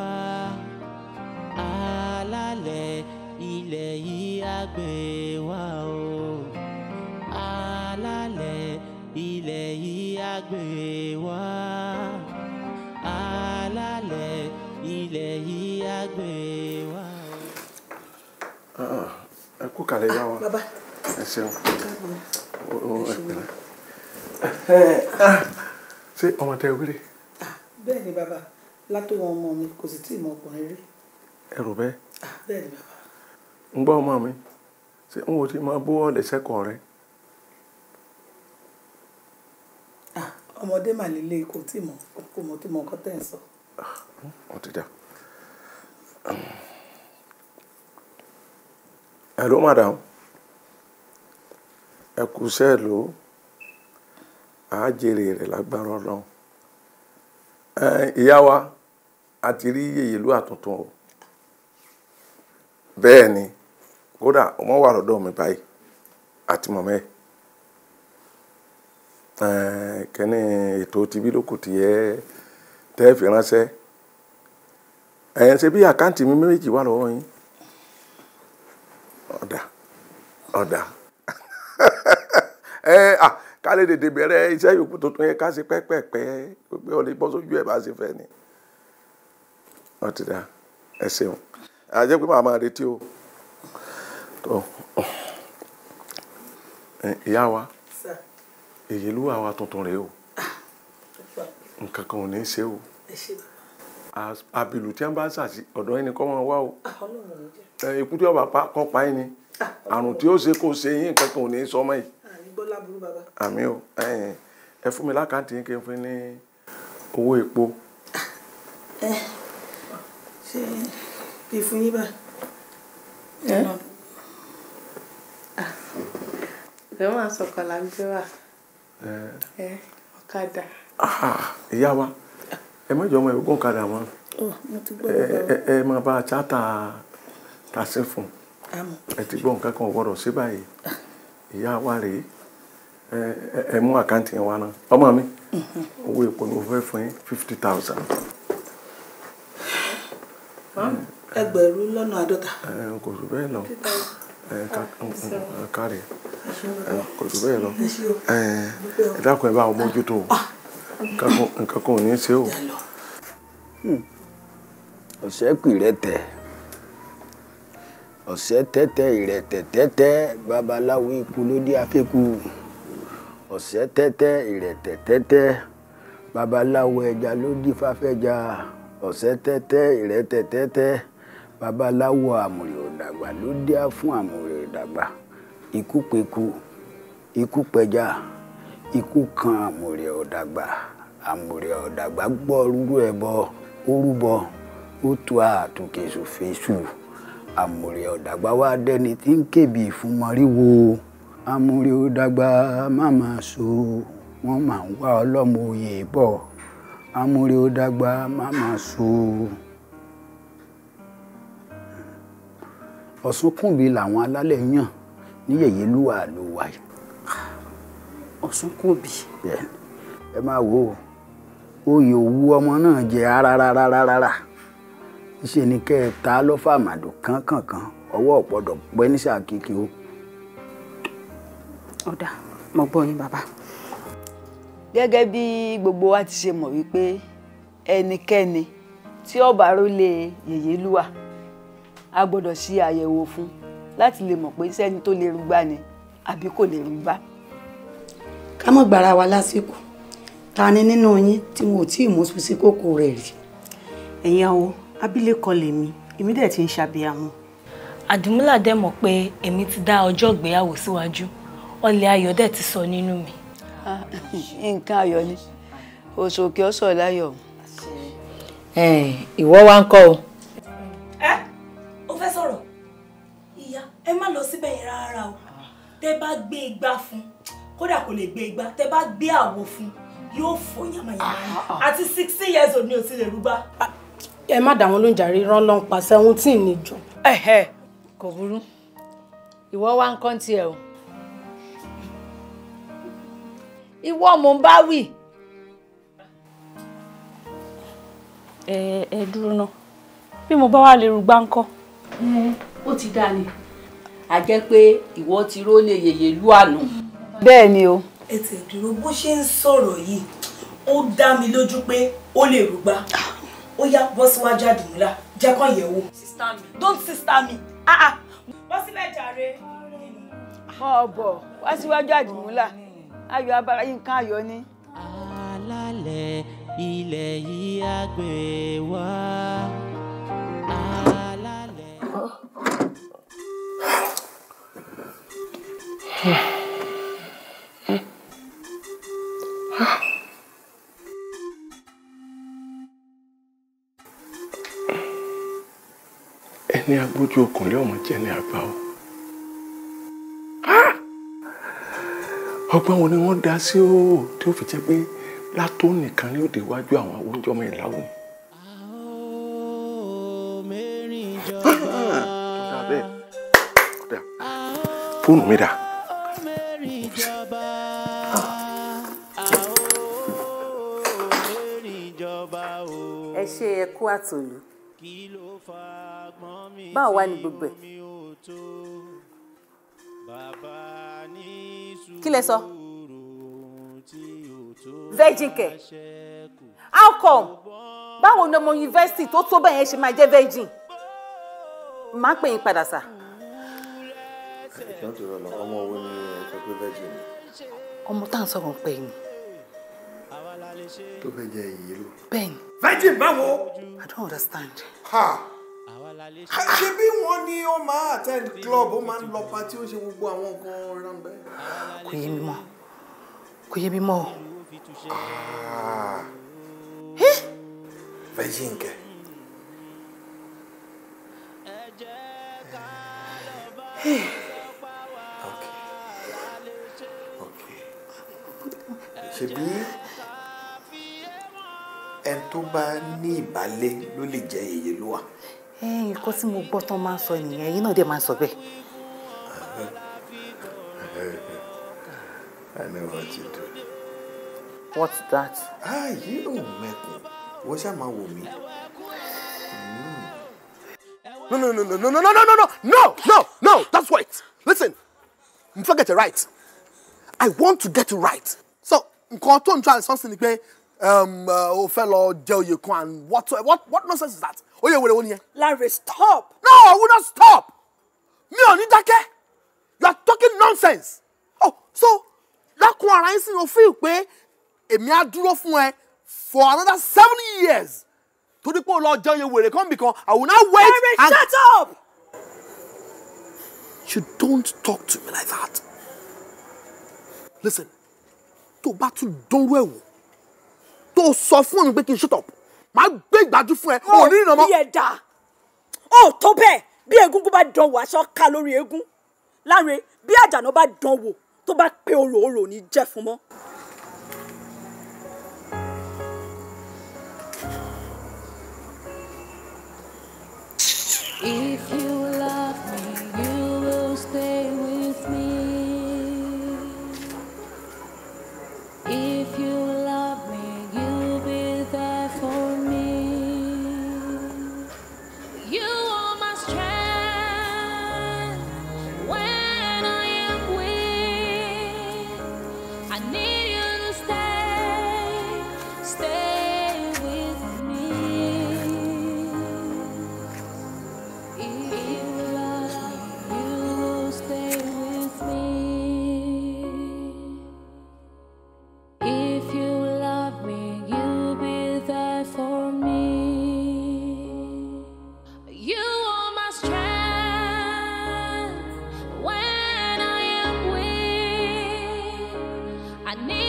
alálẹ̀ ilẹ̀ yìí á gbé wá o alálẹ̀ ilẹ̀ yìí á gbé wá ilẹ̀ yìí á gbé wa. Ah, ẹ kú kàlẹ́ yá wa ah, ẹ ṣeun ẹ pẹ̀lẹ́ ah, ṣé ọmọ tẹ wíri. bẹ́ẹ̀ ni bàbá látò wọn ọmọ mi kò sì tí ì mọ ọkùnrin rí. ẹ rò bẹ́ẹ̀. bẹ́ẹ̀ ni bàbá. ń gbọ́ ọmọ mi ṣé n ò ti máa bó ọ̀lẹ̀ sẹ́kọ̀ọ́ rẹ. ọmọdé màlélẹ́ kò tí ì mọ kò mọ tó mọ nǹkan tẹ̀ ń sọ. ó ti dà hello madam ẹ kú iṣẹ́ lò ó àá jèrè rẹ̀ lágbára ọlọ́run ìyá wa a ti rí yèyèlú àtúntún o bẹ́ẹ̀ ni kódà wọ́n wà lọ́dọ̀ mi báyìí àti mọ̀mọ́ ẹ̀ kẹ́ni ètò tibí lókùtì ẹ tẹ́ fi ránṣẹ́ ẹ̀yẹn ṣe bí àkáǹtì mi méjì wà lọ́wọ́ yín ọ̀dà ọ̀dà ẹ à ká lè dèdè bẹ̀rẹ̀ iṣẹ́ yòókù tuntun yẹn ká ṣe pẹ́pẹ́pẹ́ pé ọ lè bọ́ sójú ẹ̀ bá ṣe fẹ́ ni ọtí dá ẹ ṣeun àjẹ́ pé màá máa retí o tó ìyá wa èyí ló wà wá tuntun rèé o ah, nǹkan kan ò ní í ṣe o. ẹ ṣe àbìlù tí wọ́n bá sà sí ọ̀dọ̀ ẹni kọ́ máa wá o ah, ikú tí ọba kọ́ pa yín ni ah, àrùn tí ó ṣe kó ṣe yín nǹkan kan ò ní í sọmọ yìí. àmì o ẹ fún mi lákàntì yín kí n fún ní owó epo. Ah, eh. ṣé kí n fún yín bá eh? ẹ máa sọkọ làǹjẹ wa ọ̀kadà. ìyá wa ẹ mọ̀jọ́ ọmọ ìwọ́gùn kadà mọ́ ẹ máa bá a chátà tàṣí fún ẹ ti gbọ́ nǹkan kan gbọ́dọ̀ sí báyìí ìyá wa rèé ẹ mú àkáǹtì yẹn wá náà ọmọ mi mm-hmm. owó epo ni mo fẹ́ fún yín fifty thousand. ẹgbẹ̀rún lọ́nà àádọ́ta. kò jù bẹ́ẹ̀ lọ kárí kò jù bẹ́ẹ̀ lọ ẹ dákun ẹ bá wọn ah, mójútó o. Ah nǹkan kan ò ní í ṣe o. Hmm. ọ̀sẹ̀ kù ìrẹ́tẹ̀ ọ̀sẹ̀ tẹ́tẹ́ ìrẹ́tẹ̀ tẹ́tẹ́ babaláwo ikú ló dé afẹ́kù ọ̀sẹ̀ tẹ́tẹ́ ìrẹ́tẹ̀ tẹ́tẹ́ babaláwo ẹja ló dí fáfẹ́jà ọ̀sẹ̀ tẹ́tẹ́ ìrẹ́tẹ̀ tẹ́tẹ́ babaláwo àmùrè òdàgbà ló dé fún àmùrè òdàgbà ikú peku ikú pẹja ikú kan àmùrè òdàgbà àmùrè ọ̀dàgbà gbọ́ rúrú ẹ̀ bọ ó rúbọ ó tu àtúnkèsù fèsù àmùrè ọ̀dàgbà wá dẹni tí ń kébì fún mọ́ríwó àmùrè ọ̀dàgbà màmá so wọ́n máa ń wá ọlọ́mọ òye bọ̀ àmùrè ọ̀dàgbà màmá so. ọ̀sùnkùnbi làwọn alálẹ̀ yàn ní yèyé lúwa ló wáyé. Ah, ọ̀sùnkùnbi. ẹ máa wo o oyè òwú ọmọ náà jẹ́ rárárárárá ṣe ni kẹ́ ẹ ta lọ́fà màdù kánkànkan ọwọ́ ọ̀pọ̀dọ̀ pẹ́ ní sàkíkí o. ọ̀dà mo gbọ́ yín bàbá. gẹ́gẹ́ bí gbogbo wa ti ṣe mọ̀ wípé ẹnikẹ́ni tí ọba rólé yèyé lúwà a gbọ́dọ̀ ṣe àyẹ̀wò fún láti lè mọ̀ pé sẹ́ni tó lè rúgbà ni àbí kò lè rúgbà. ká mọ̀ gbára wa lásìkò ta ni nínú yín tí wọn ò tí ì mú sí kókó rẹ̀ rí. ẹ̀yin awo abilékọ lèmi èmi dẹ̀ ti ń ṣàbíyamọ. àdìmúlà dẹ̀ mọ̀ pé èmi ti dá ọjọ́ ìgbéyàwó síwájú ọlẹ̀ ayọ̀ dẹ̀ ti sọ nínú mi. Ah, nǹkan ayọ̀ ni òṣòkè ọ̀sọ̀ láyọ̀. ìwọ wá ń kọ́ o. ẹ o fẹ́ sọ̀rọ̀ ìyá ẹ má lọ síbẹ̀ yẹn rárá o tẹ bá gbé igbá fún kódà kò lè gbé igbá tẹ bá gbé àwo fún yóò fọ́ yàmàyàmà ah, ah, ah. àti sixteen years old ni o ti lè rúgbà. ẹ má dà wọn ló ń jàre rán lọ́n pa seventeen ní jù. kò burú ìwọ wá ń kán tiẹ̀ o ìwọ mò ń bá wí. ẹ ẹ dúró ná bí mo bá wà lè rúgbà ńkọ́. ó ti dáa ni a jẹ́ pé ìwọ ti rólé yèyé lú àná. bẹ́ẹ̀ ni o ẹ tẹ̀ bó ṣe ń sọ̀rọ̀ yìí ó dá mi lójú pé ó lè rúgbà ó yá bọ́ síwájú àdìmúlà jẹ́ kàn yẹ̀ wò. don't sister me. ah ah bọ́ sílẹ̀ jàre. ọ̀bọ̀ wá síwájú àdìmúlà ayọ̀ abara yín kan ayọ̀ ni. alálẹ̀ ilẹ̀ yìí á gbé wá. alálẹ̀ ẹni agbójú okùnlé ọmọ jẹ́ ní àgbà o ah! ọgbọ́n wo ni wọ́n dá sí o tí ó fi jẹ́ pé látó nìkan ní òde iwájú àwọn awóúnjọmọ ìlàwọ̀ ni. Ah! fóònù mi dà. ọba o. ẹ ṣe ẹ kú àtòlù. kí ló fa agbọ́n mi tí omi ò tó. bàbá ní sùúrù tí ò tó. kí lẹ how come báwo ni ọmọ yunifásitì tó tó bẹ́ẹ̀ yẹn ṣe máa jẹ́ virgin máa pè yín padà sá. ìjọ́n tó rọ̀ lọ ọmọ owó ni ẹ̀ sọ pé virgin. ọmọ tá à ń sọ̀rọ̀ ń pè yín tó fẹ́ jẹ èyí virgin báwo. i don't understand. ha ṣe bí wọn ní ó máa attend club ó máa ń lọ party ó ṣe gbogbo àwọn nǹkan ránpẹ́. kò yé mi mọ́ kò yé mi mọ́ o. Ah! Eh? virgin kẹ. Hey. Eh. Okay. Okay. Ṣebí ẹni tó bá ní ìbálẹ̀ ló lè jẹ́ èyí ló wà. ẹ nǹkan tí mo gbọ́ tán máa ń sọ nìyẹn ẹ̀yin náà dẹ̀ máa ń sọ bẹ́ẹ̀. I know what you do. What's that? Ah, you mẹ́kùn wọ́n ṣáà máa wò mí. No, no, no, no, no, no, no, no, no, no, no, no, that's right. Listen, n fẹ́ get it right. I want to get it right. So, nǹkan tó ń tọ́ something. Um, uh, fẹ́ fellow, Joe, oyè kan and what what what nonsense is that oyè wèrè wo nìyẹn. Larry stop. no I will not stop Me, ò ní care. you are talking nonsense oh so lákun ara yín sí ni o feel pé èmi á dúró fún ẹ for another seven years to the poor Lord Joe. oyè wèrè kan bìkan I will not wait. Larry and... shut up. You don't talk to me like that. Listen, to battle, don't worry tó sọ fún mi pé kí n shut up máa gbé ìgbájú fún ẹ ò ní ìrànmọ́. bí ẹ dà ó tó bẹ́ẹ̀ bí egungun bá dán wò aṣọ ká lórí egun láre bí àjànà bá dán wò tó bá pé oròorò ní jẹ́ fún mọ́. 你。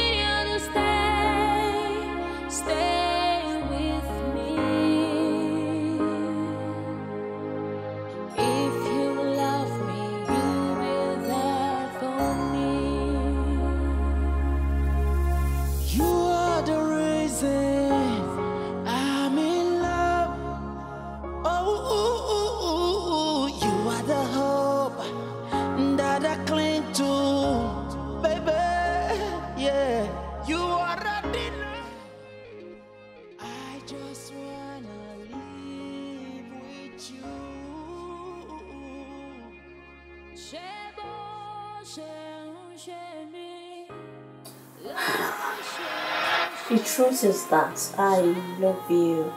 truth that I love you.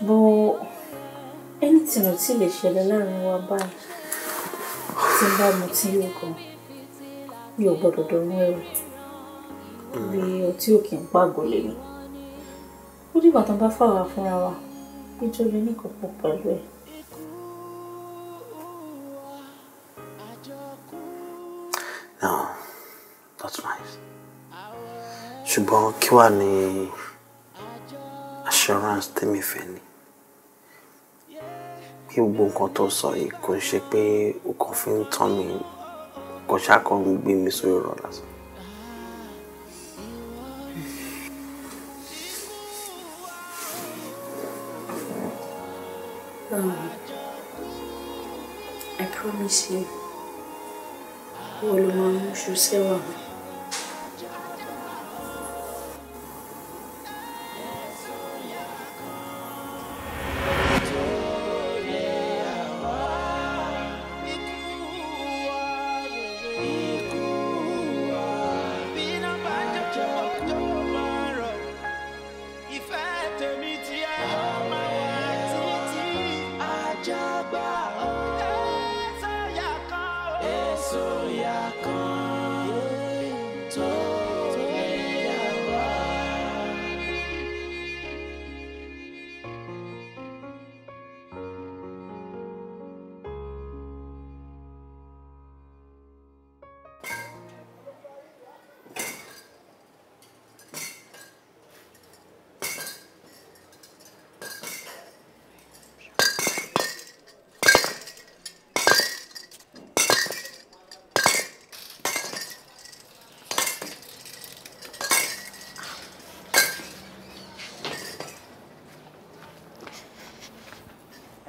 But anything ò tí lè ṣẹlẹ̀ láàrin wa báyìí tí bá mu tí yóò kàn mi ò gbọ́dọ̀ dọ̀rùn ẹ̀rù bí ọtí òkè ń pàgọ́ lèmi. Ó dìgbà tán bá fàwà fúnra wa nítorí ní kò pọ̀ pẹ̀lú ẹ̀. ṣùgbọ́n kí wàá ní assurance tèmi fẹ́ ni pé gbogbo nǹkan tó sọ yìí kò ń ṣe pé o fi ń tán mi kò ṣàkàn gbé mi sórí ọ̀rọ̀ lásán. I promise you, Olumọ Ṣuṣẹ́wà mi.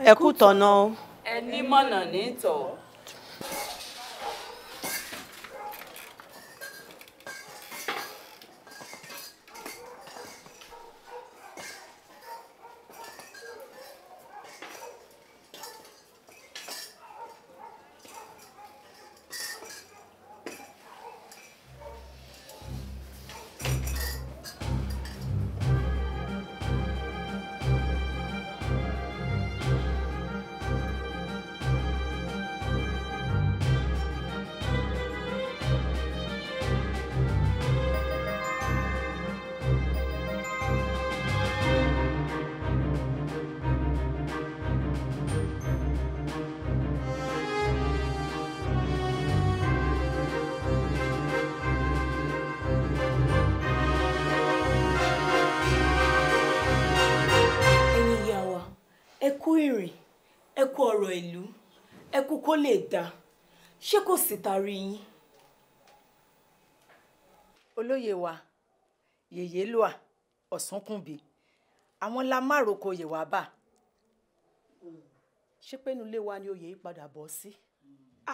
ẹ kú tọ̀nà o. ẹni mọ̀nà ní tọ̀. ìrìn ẹ kú ọ̀rọ̀ ìlú ẹ kú kó lè dáa ṣé kò sì taari yín. olóyè wa yèyé lóà ọ̀sánkùnbí àwọn la márùkọ yèwà bá ṣé pé wa ni oyè yìí padà bọ̀ sí.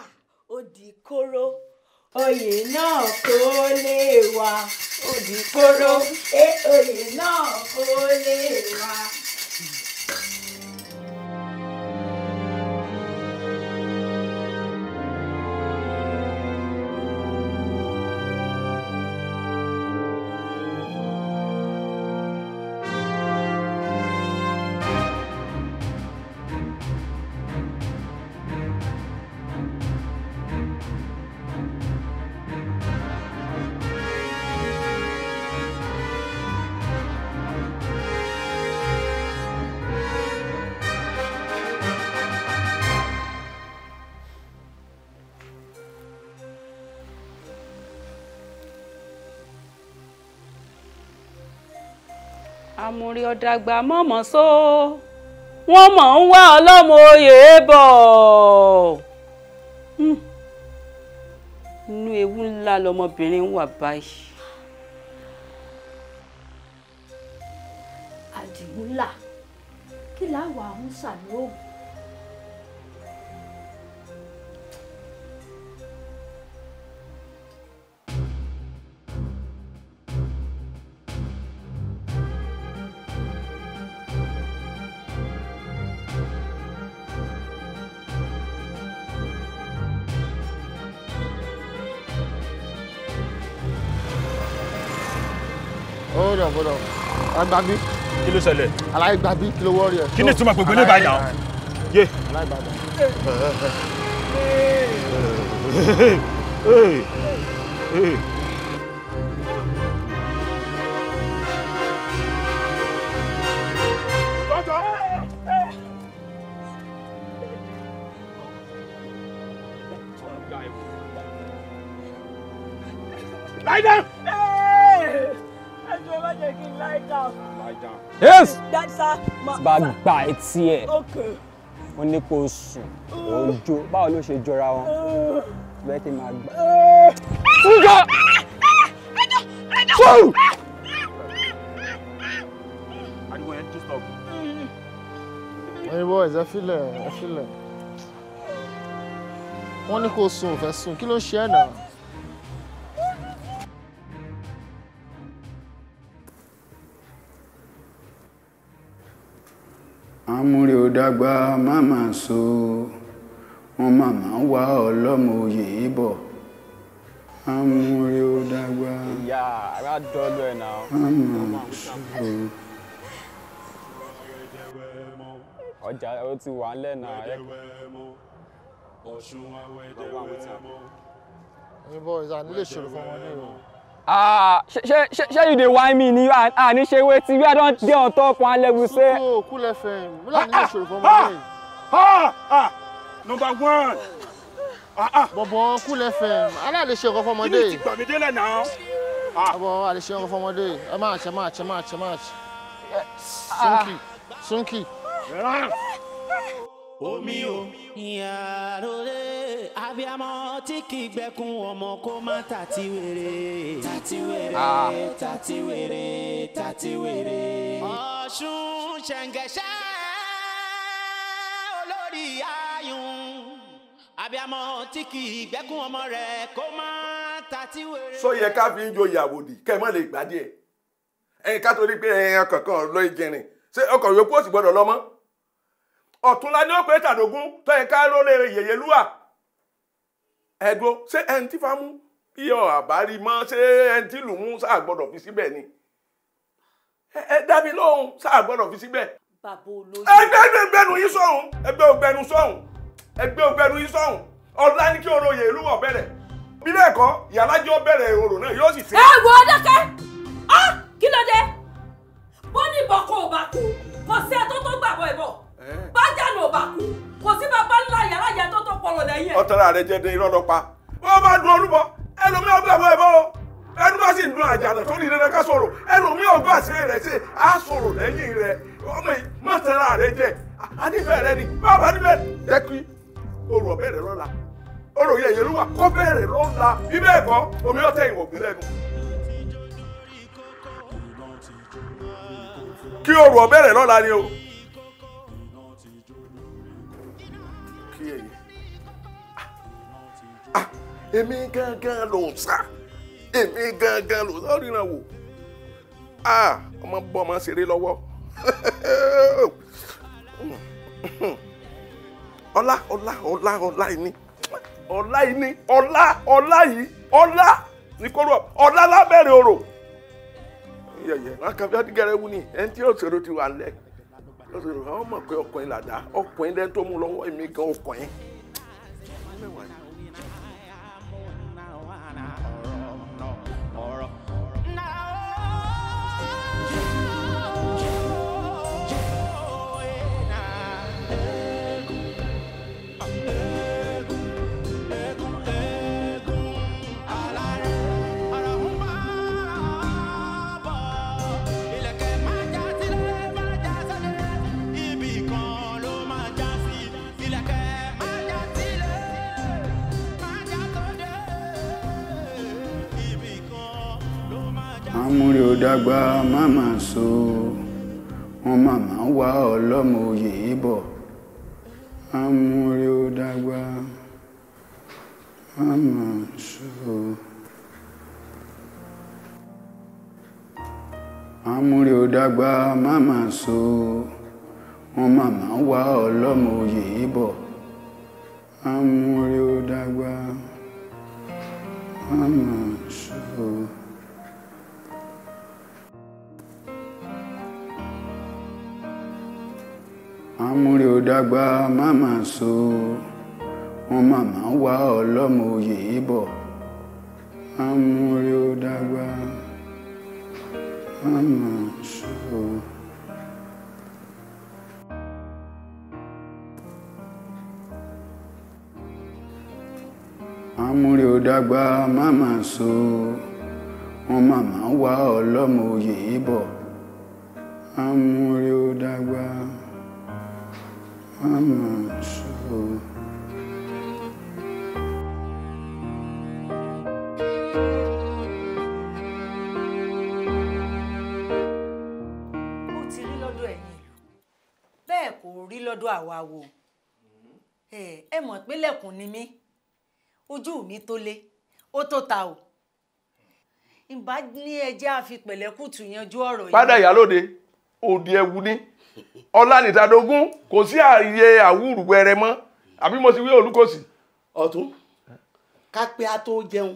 ah ó di kóró oyè náà kó lè wá ó di kóró oyè náà kó lè wá. dàgbà mọ́mọ́ só wọ́n mọ̀ ń wá ọlọ́mọ oyè bọ̀ hmm. inú ewu ńlá lọmọbìnrin wà báyìí. àdìmúlà kí làwọn àwọn ń hold on hold on agbabi. kí ló ṣẹlẹ̀. aláì gbabi kí ló wọ́ọ̀rì ẹ̀. kí ni ìtumọ̀ gbogbo ní ìbàdàn. yé. aláì gbàdàn. Lie down! yes bá gba etí ẹ̀ ó ní kó sùn ó jó báwo ló ṣe jọra wọn bẹ́ẹ̀ kí n máa gbà. fúnjọ fún. ariwo yẹn disturb. oyin boys ẹ filẹ̀ ẹ filẹ̀ wọ́n ní kó sùn ò fẹ́ sùn kí ló ṣe ẹ́ náà. múre ó dágbà máma so wọn màmá wá ọlọ́mọ òye bọ̀ amúre ó máma so. ọjà ó ti wà ńlẹ̀ náà ọ̀ṣun awẹ́dẹ́wẹ́ mọ́. oníbọ̀ ìzànilé ṣòro fún wọn ní ìròyìn. Ah, shey you dey whine me ni ah ni ṣe We where I don dey on top one level say. Soko cool FM, wúlà ní ìṣòro fún ọmọ mi. Ah, ah, ah, number one. Bọ̀bọ̀ cool FM, aláàlè ṣe nǹkan fọmọdé. Kí ni ìtìgbà mi délẹ̀ náà? Bọ̀bọ̀ àlè ṣe nǹkan fọmọdé. Ẹ máa ṣe máa ṣe máa ṣe máa ṣe. Sunki, Sunki omi o. ìyàrá abiyamọ tí kì í gbẹkun ọmọ kó má tàti wèrè. tàti wèrè ah. tàti wèrè tàti wèrè. ọ̀ṣun ṣẹ̀ǹgẹ̀ṣẹ̀ olórí ayùn abiyamọ tí kì í gbẹkun ọmọ rẹ̀ kó má tàti wèrè. sọ yẹ ká fi ń jo ìyàwó di kẹ́ ẹ lè gbádìí ẹ̀ ẹ̀yin ká torí pé ẹ̀yin ọkọ̀ kan ìjẹrin ṣé ọkọ̀ yòókù ó sì gbọ́dọ̀ ọ̀túnla ni ó pé tàdógún tó yẹ ká lóore yèyé lúwà ẹ̀dùn ṣé ẹni tí fámú bí ọ̀ àbárí mọ́ ṣé ẹni tí lù ń sáà gbọ́dọ̀ fi síbẹ̀ ni ẹ dá mi lóhùn sáà gbọ́dọ̀ fi síbẹ̀. bàbá olóyè ẹgbẹ́ ògbẹ́nu yìí sọ̀hún ẹgbẹ́ ògbẹ́nu sọ̀hún ẹgbẹ́ ògbẹ́nu yìí sọ̀hún ọ̀la ní kí orò yèyé lúwà bẹ̀rẹ̀ bí bẹ́ẹ̀ kọ́ ìyàlájọ́ bẹ̀rẹ̀ orò náà yóò sì fi. ẹ wo dákẹ́ á ah, kí ló dé bó ní ìbọn kò bá kú kò sí ẹ tó tó gbàgbọ́ ìbọn Eh. bájà ni ò kú kò sí bàbá ńlá yàrá ìyá tó tó pọ̀rọ̀ lẹ́yìn ẹ̀. ọ̀tọ̀ra rẹ jẹ́ den irọ́ lọ pa ó máa dun olúbọ ẹlòmíràn gbà bọ́ ẹ̀bọ́ ẹnu bá sì dun àjànà tó ní ká sọ̀rọ̀ ẹlòmíràn bá sí rẹ̀ sí á sọ̀rọ̀ lẹ́yìn rẹ̀ ọmọ mọ̀tẹ́ra rẹ jẹ́ ànífẹ́ rẹ ni bàbá níbẹ̀ jẹ́ kí orò rẹ lọ́la orò yẹ yẹlú wa kọ́ bẹ̀rẹ̀ lọ́la bí bẹ́ẹ̀ omi ọ̀tẹ̀ ìwọ̀gbìn lẹ́nu. kí orò ọ̀bẹ rẹ lọ́la ni o. Ah, èmi gángan ló ń sá èmi gángan ló ń sá ríran wò ah, ọmọ bọ́ ọmọ ṣeré lọ́wọ́ ọlá ọlá ọlá ọlá yìí ni ọlá yìí ni ọlá ọlá yìí ọlá ní kóró ọlá lábẹ́rẹ́ orò yẹyẹ láǹkà bí adìgẹrẹ wù ní ẹni tí yóò ṣòro ti wà lẹ yóò ṣòro àwọn ọmọ pé ọkùnrin làdá ọkùnrin lẹ́ni tó mú lọ́wọ́ èmi gan ọkùnrin. dàgbà màmá so wọn màmá wá ọlọ́mọ òye bọ̀ ó dàgbà màmá so. amúre ó dàgbà màmá so wọn màmá wá ọlọ́mọ òye bọ̀ ó dàgbà màmá so. múre ó dàgbà máma so wọn màmá wá ọlọ́mọ òye bọ̀ amúre ó dàgbà máma so. amúre ó dàgbà máma so wá ọlọ́mọ òye bọ̀ I'm not sure. ó ti rí lọ́dọ̀ ẹ̀yin bẹ́ẹ̀ kò rí lọ́dọ̀ àwa wo ẹ mọ̀ pé lẹ́kùn ni mí ojú mi tó lé ó tó ta o ìbá ní ẹjẹ́ àfi yanjú ọ̀rọ̀ yìí. padà ìyálòde òde ẹwu ní ọlánìtàdógún kò sí ààyè àwúrù wẹrẹ mọ́ àbí mo ti wí olúkòsì. ọ̀tún ká pé a tó jẹun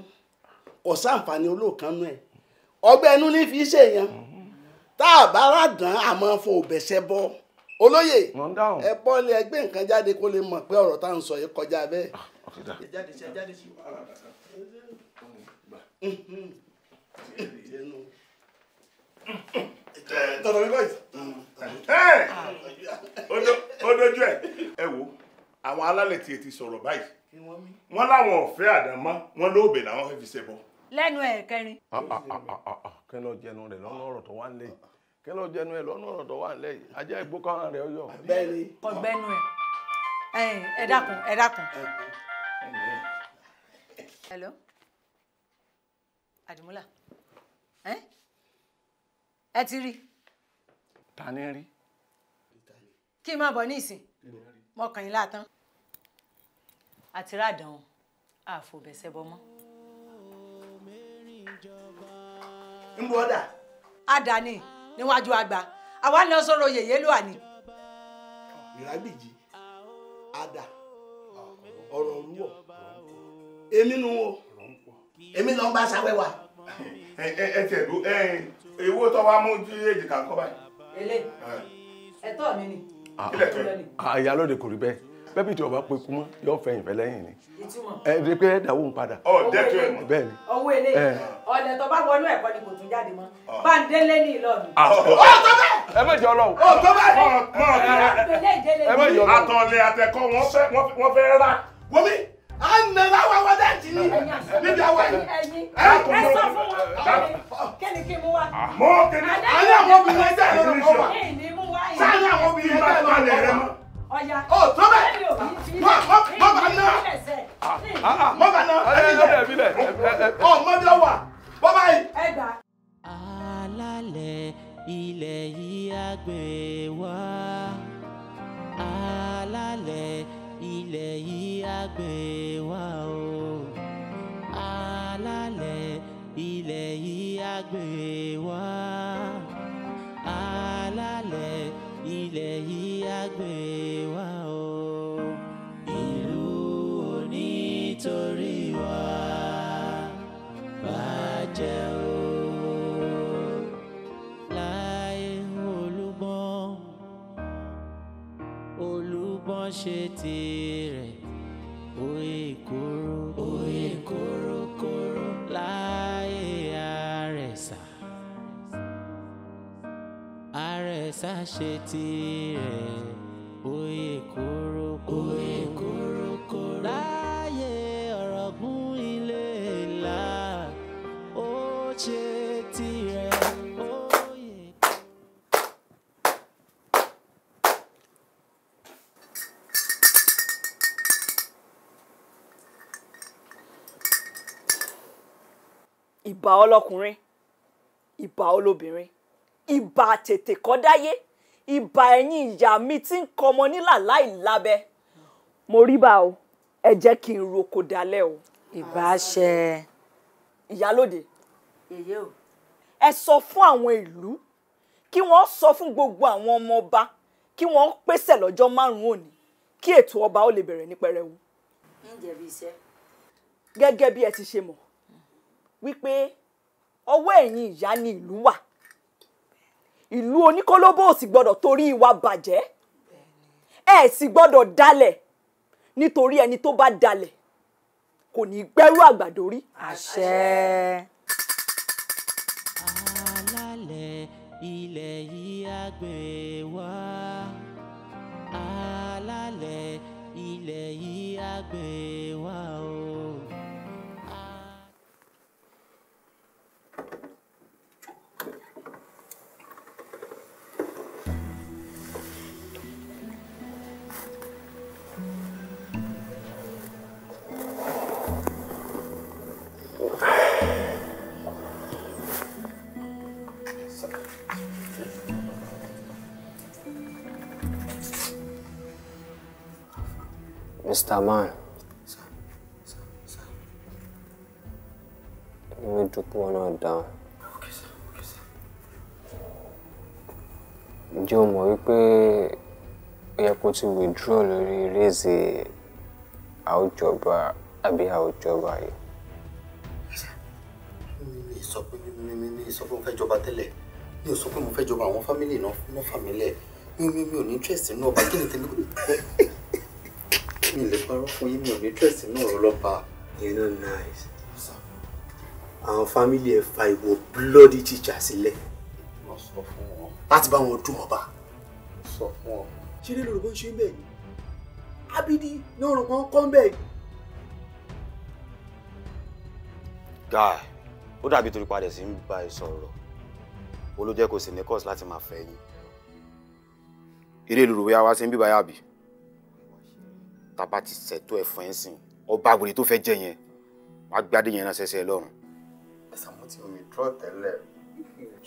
kò sáǹfààní olóòkánú ẹ̀ ọgbẹ́ inú ní fi ṣèyàn tá a bá ràdán àmọ́ fò bẹ̀ṣẹ̀ bọ́ olóyè ẹ bọ́ ilé ẹgbẹ́ nǹkan jáde kó lè mọ̀ pé ọ̀rọ̀ tá à ń sọ yìí kọjá bẹ́ẹ̀. Mm-hmm. Ah. ó dojú ẹ ẹ wo àwọn alálẹ̀ tiẹ̀ ti sọ̀rọ̀ báyìí wọ́n láwọn ọ̀fẹ́ àdámọ́ wọ́n lóòbẹ̀ làwọn fẹ́ fi ṣẹbọ. lẹ́nu ẹ̀ kẹrin. Ah, ah, kí ló jẹnu rẹ̀ lọ́nà ọ̀rọ̀ tó wà nílẹ̀ yìí kí ló jẹnu ẹ̀ lọ́nà ọ̀rọ̀ tó wà nílẹ̀ yìí ajá ìgbó kan rẹ̀ ọyọ. ọgbẹnu ẹ ẹ dákun ẹ dákun. hello adimula ẹ ti rí i tani rí. kí n máa bọ̀ ní ìsìn mọ́kànlá tán àti ràdàn àfòbẹ̀sẹ̀ bọ́ mọ́. ń bọ́ dà. àdàní níwájú àgbà àwa ń lọ sọ̀rọ̀ yèyé ló wà ní. ìrágbìjì àdà ọ̀rọ̀ olúwọ̀ èmi nu wo èmi lọ bá sáwẹ́ wa. ẹ ẹ ẹ tẹ̀ ló ẹ ewo tó wá mú jí èjìká kọ́ báyìí. Ele. Ẹ̀tọ́ mi ni. Àyà ah, ah, lóde kò rí bẹ́ẹ̀. Bẹ́bí tí ọba pe kú mọ́, yóò fẹ̀yìn fẹ́ lẹ́yìn ni. Ìtumọ̀. Ẹ rí pé ẹ̀dá òun padà. Ọ̀ dẹ́tù ẹ̀ mọ̀. Bẹ́ẹ̀ni. Owó ilé. Ọ̀nà tó bá wọnú ẹ̀kọ́ ni kò tún jáde mọ́. Ah. Báńdélé ní Ìlọrin. Ọ̀tọ́ oh, oh, oh, bẹ́ẹ̀. Ẹ má jẹ́ Ọlọ́run. Ọ̀tọ́ bẹ́ẹ̀. Ẹ má jẹ́ Ọlọ́run. Àtọ̀lẹ̀ àtẹ̀kọ́ wọn fẹ́ rà. Wọ́n mi a nana wa wa dá jì ní níbi àwa yìí. ẹ sọ fún wa kẹ́ni kí mu wa. Ah, mọ kẹ́ni ayé àwọn obìnrin ẹgbẹ́ rẹ ló wà sáyé àwọn obìnrin ẹgbẹ́ rẹ ló wà. ọ̀ya ó tó bẹ́ẹ̀ mọ mọ ah, ah, bá ná mọ bá ná ọmọdé wà bọ́ báyìí. alálẹ̀ ilẹ̀ yìí á gbé wá alálẹ̀ ilẹ̀ yìí á gbé wa o alálẹ̀ ilẹ̀ yìí á gbé wa alálẹ̀ ilẹ̀ yìí á gbé wa o ìlú onítorí wa bàjẹ́ o. kan ṣe tirẹ̀ oye ìkorò oye ìkorò korò láyé àrẹ̀sà àrẹ̀sà ṣe tirẹ̀ òye ìkorò òye ìkorò. ìbà ọlọ́kùnrin ìbà olóbìnrin ìbà tètè kọ́dáyé ìbà ẹ̀yìn ìyá mi ti ń kọmọ nílà láì lábẹ́ mo rí bá o ẹ jẹ́ kí n roko dalẹ̀ o. ìbáṣẹ. ìyálòde ẹ sọ fún àwọn ìlú kí wọ́n sọ fún gbogbo àwọn ọmọ ọba kí wọ́n pèsè lọ́jọ́ márùn òní kí ètò ọba ó lè bẹ̀rẹ̀ ní pẹrẹwu. ń jẹ̀bi iṣẹ́. gẹ́gẹ́ bí ẹ ti ṣe mọ̀ wípé ọwọ́ ẹ̀yin ìyá ni ìlú wà ìlú oníkólóbó ò sì gbọ́dọ̀ torí ìwà bàjẹ́ ẹ sì gbọ́dọ̀ dalẹ̀ nítorí ẹni tó bá dalẹ̀ kò ní gbẹ́rú àgbàdo rí. àṣẹ. alálẹ̀ ilẹ̀ yìí á gbé wá alálẹ̀ ilẹ̀ yìí á gbé wá o. está mal. Sir, me drop one out down. Okay, sir. que sir. Ǹjẹ́ o mọ̀ wípé ẹ̀yà kò ti withdraw lórí rèézì àwùjọba àbí àwùjọba yìí? Mi sọ pé mi sọ pé mo fẹ́ jọba tẹ́lẹ̀. Mi ò sọ pé mo fẹ́ jọba àwọn fámìlì náà fámìlì ẹ̀. Mi ò mi ò ní interest nínú ọba kí ni mi lè parọ́ fún yín mi ò ní tẹ̀sí náà ló lọ́pàá. you know nice àwọn fámìlì ẹ̀ fa ìwò búlọ́ọ̀dì tìjà sílẹ̀ láti bá wọn dùn ọba. ṣé lè lòrò bó ṣe bẹ́ẹ̀ ni abidi náà rò wọ́n kọ́ bẹ́ẹ̀. guy ó dàbí torí padà sí ń bá ẹ sọ̀rọ̀ ó ló jẹ́ kó sì ní cause láti máa fẹ́ yín. eré lòrò bóyá wá sí ń bíbáyà bíi tábà ti ṣètò ẹ̀ fún ẹ̀ sìn ọba àgbèrè tó fẹ́ jẹ yẹn wàá gbádé yẹn náà ṣẹṣẹ lọ́rùn. ẹ̀sà mo ti omi draw tẹ́lẹ̀.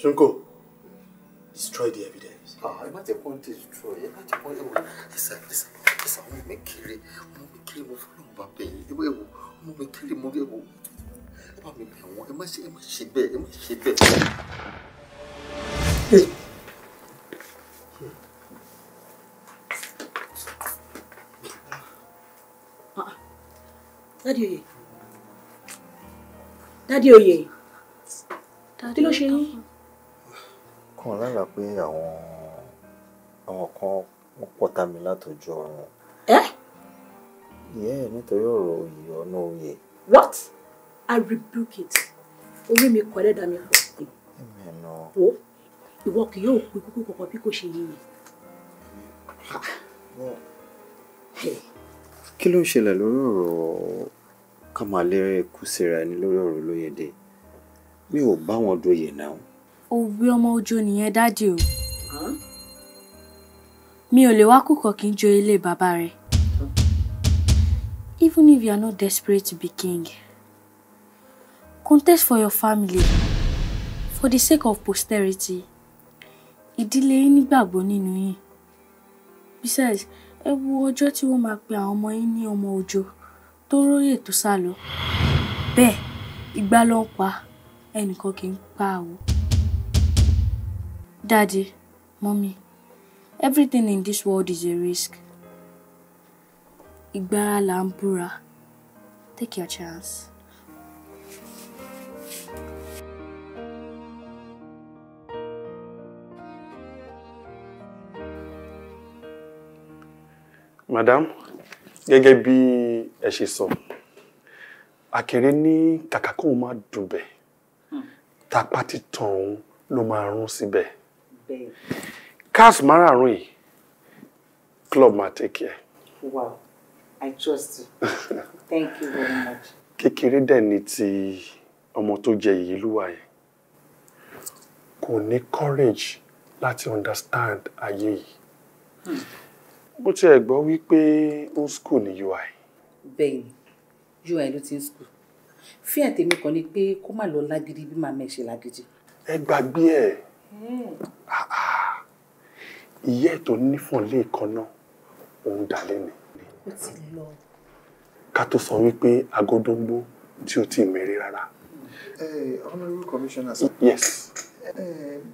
Ṣunko mm-hmm. destroy the evidence. ah ẹ má ti pọ́n ti destroy ẹ má ti pọ́n ewu ẹ̀sà ẹ̀sà ẹ̀sà ọmọ mi kiri ọmọ mi kiri mo fọlọ́ ọba bẹ̀yìn ewu ewu ọmọ mi kiri mo ewu ẹ bá mi bẹ̀ wọ́n ẹ má ṣe bẹ́ẹ̀ ẹ má ṣe bẹ́ẹ̀. dádì oyè dádì oyè kí ló ṣe yín. kàn lára pé àwọn àwọn kan wọ́n pọ́ta mi látọjọ́ ọ̀run. ẹ́. Eh? yẹ́ nítorí ọ̀rọ̀ oyè ọ̀nà oyè. what i rebuke it orí mi kọ́ ẹlẹ́dàá mi pọ̀ sí. ẹ̀mẹ̀ náà. wo ìwọ kì yóò kú ikú kọ̀ọ̀kan bí kò ṣe yíyẹ kí ló ń ṣẹlẹ̀ lórí ọ̀rọ̀ ká máa lérè kú síra ẹni lórí ọ̀rọ̀ Olóyèdè mi ò bá wọn doyè náà. òwe ọmọ ojú nìyẹn dáàdì o mi ò lè wá kúkọ kí n jó ilé bàbá rẹ even if you are not desperate to be king contest for your family for the sake of posterity ìdílé yín nígbàgbọ́ nínú yín besides. ẹ wo ọjọ́ tí wọ́n máa pe àwọn ọmọ yín ní ọmọ òjò tó róyè tó sá lọ bẹ́ẹ̀ ìgbà ló ń pa ẹnìkan kì í pa àwọ̀. Daddy, mommy, everything in this world is a risk. Ìgbára là ń búra. Take your chance. madam gẹ́gẹ́ bí ẹ ṣe sọ àkèré ní kàkà kóun máa dùbẹ̀ hmm. tapá ti tàn òun ló máa rún síbẹ̀ cars márààrún yìí club máa take care. wow i trust you thank you very much. kékeré dẹ̀ ni ti ọmọ tó jẹ yìí lúwa yẹn kò ní courage láti understand ayé yìí. Hmm mo tiẹ̀ gbọ́ wípé ó ń school ní UI. bẹ́ẹ̀ ni UI ló ti ń school fí àtẹ̀mí kan ni pé kó má lọ lágídí bí màmá ẹ̀ ṣe lágídí. ẹ gbàgbé ẹ hmm. ìyá ẹ̀ tó nífọ̀n lẹ́ẹ̀kan náà òun dàlẹ́ ni. ó ti lọ. ká tó sọ wípé agodongbo tí ó ti mèrè rárá. honourable commissioner sir. yes.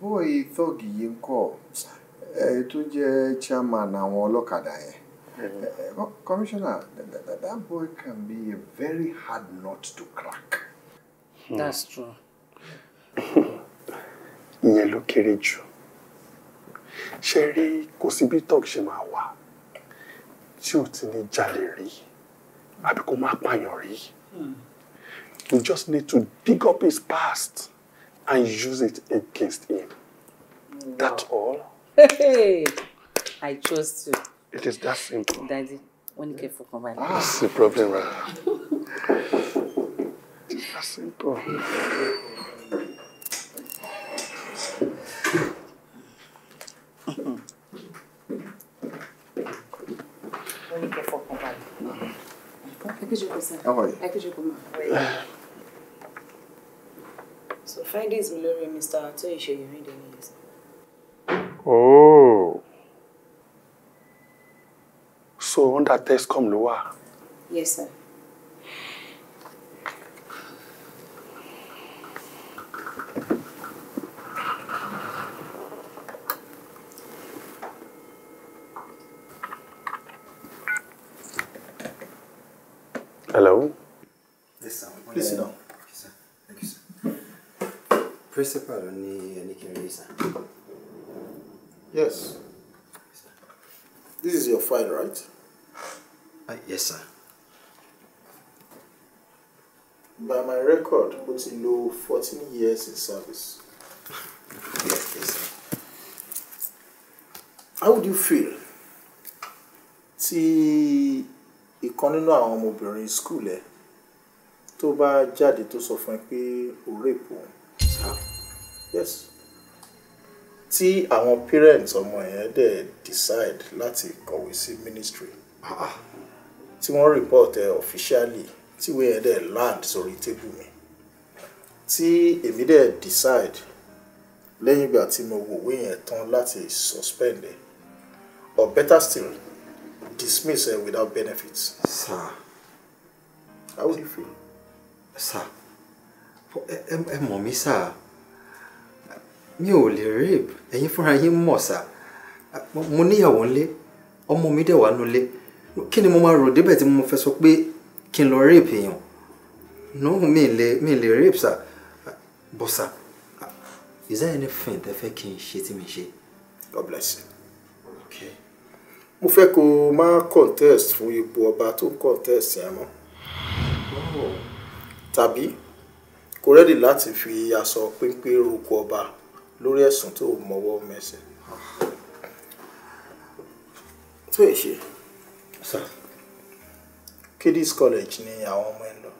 bóyá tọ́ọ̀gì yìí ń kọ́ ọ ẹ eh, tó jẹ́ chairman àwọn ọlọ́kadà yẹn mm-hmm. eh, commissioner that, that, that boy can be a very hard nut to crack. Hmm. that's true. ìyẹn ló kéré jù ṣe rí kò sí bí talk ṣe máa wà tí ò ti ní jalè rí àbí kò má pààyàn rí. You hmm. just need to dig up his past and use it against him. Wow. That's all. Hey, I chose you. It is that simple. Daddy, when you get for combined. That's the problem, right? it's that simple. When you for How are you? How are you? So, find this will Mr. Atoyishe, you read the news. Oh. So when that test come, wà? Yes, sir. Hello? Yes, sir. Please sit down. sir. Thank you, sir. Principal, only any can sir. Yes. This is your file, right? Uh, yes, sir. By my record, ó ti lò 14 years in service. yes, yes, sir. How would you feel tí ìkan nínú àwọn ọmọbìnrin school ẹ tó bá To tó sọ fún ẹ pé ó rape òun? Yes tí àwọn parents ọmọ yẹn dẹ̀ decide láti kọ̀wé sí ministry ah, ah. tí wọ́n report ẹ officially tí ìwé yẹn dẹ̀ land sórí tébù mi tí èmi dẹ̀ decide lẹ́yìn ìgbà tí mo wòwe yẹn tán láti suspend ẹ or better still dismiss ẹ without benefits. sir how do you feel. sir ẹ mọ̀ mí sáà mi ò lè rape ẹ̀yin fúnra yín mọ̀ sá mo níyàwó ńlé ọmọ mi dẹ̀ wà nulẹ̀ kí ni mo máa rò débẹ̀ tí mo fẹ́ sọ pé kí n lọ rape èèyàn no mi lè mi lè rape sá bọ̀ sá is there anything tẹ́ fẹ́ kí n ṣe tí mi ṣe. God bless you. Okay. mo fẹ́ kó o máa contest fún ipò ọba tó ń contest yẹn mọ́ oh. tàbí kò rẹ́dì láti fi aṣọ pínpín roko ọba lórí ẹ̀sùn tó o mọ̀wọ́ mẹ́sẹ̀. tó ẹ ṣe kiddies college ni àwọn ọmọ ẹ ń lọ.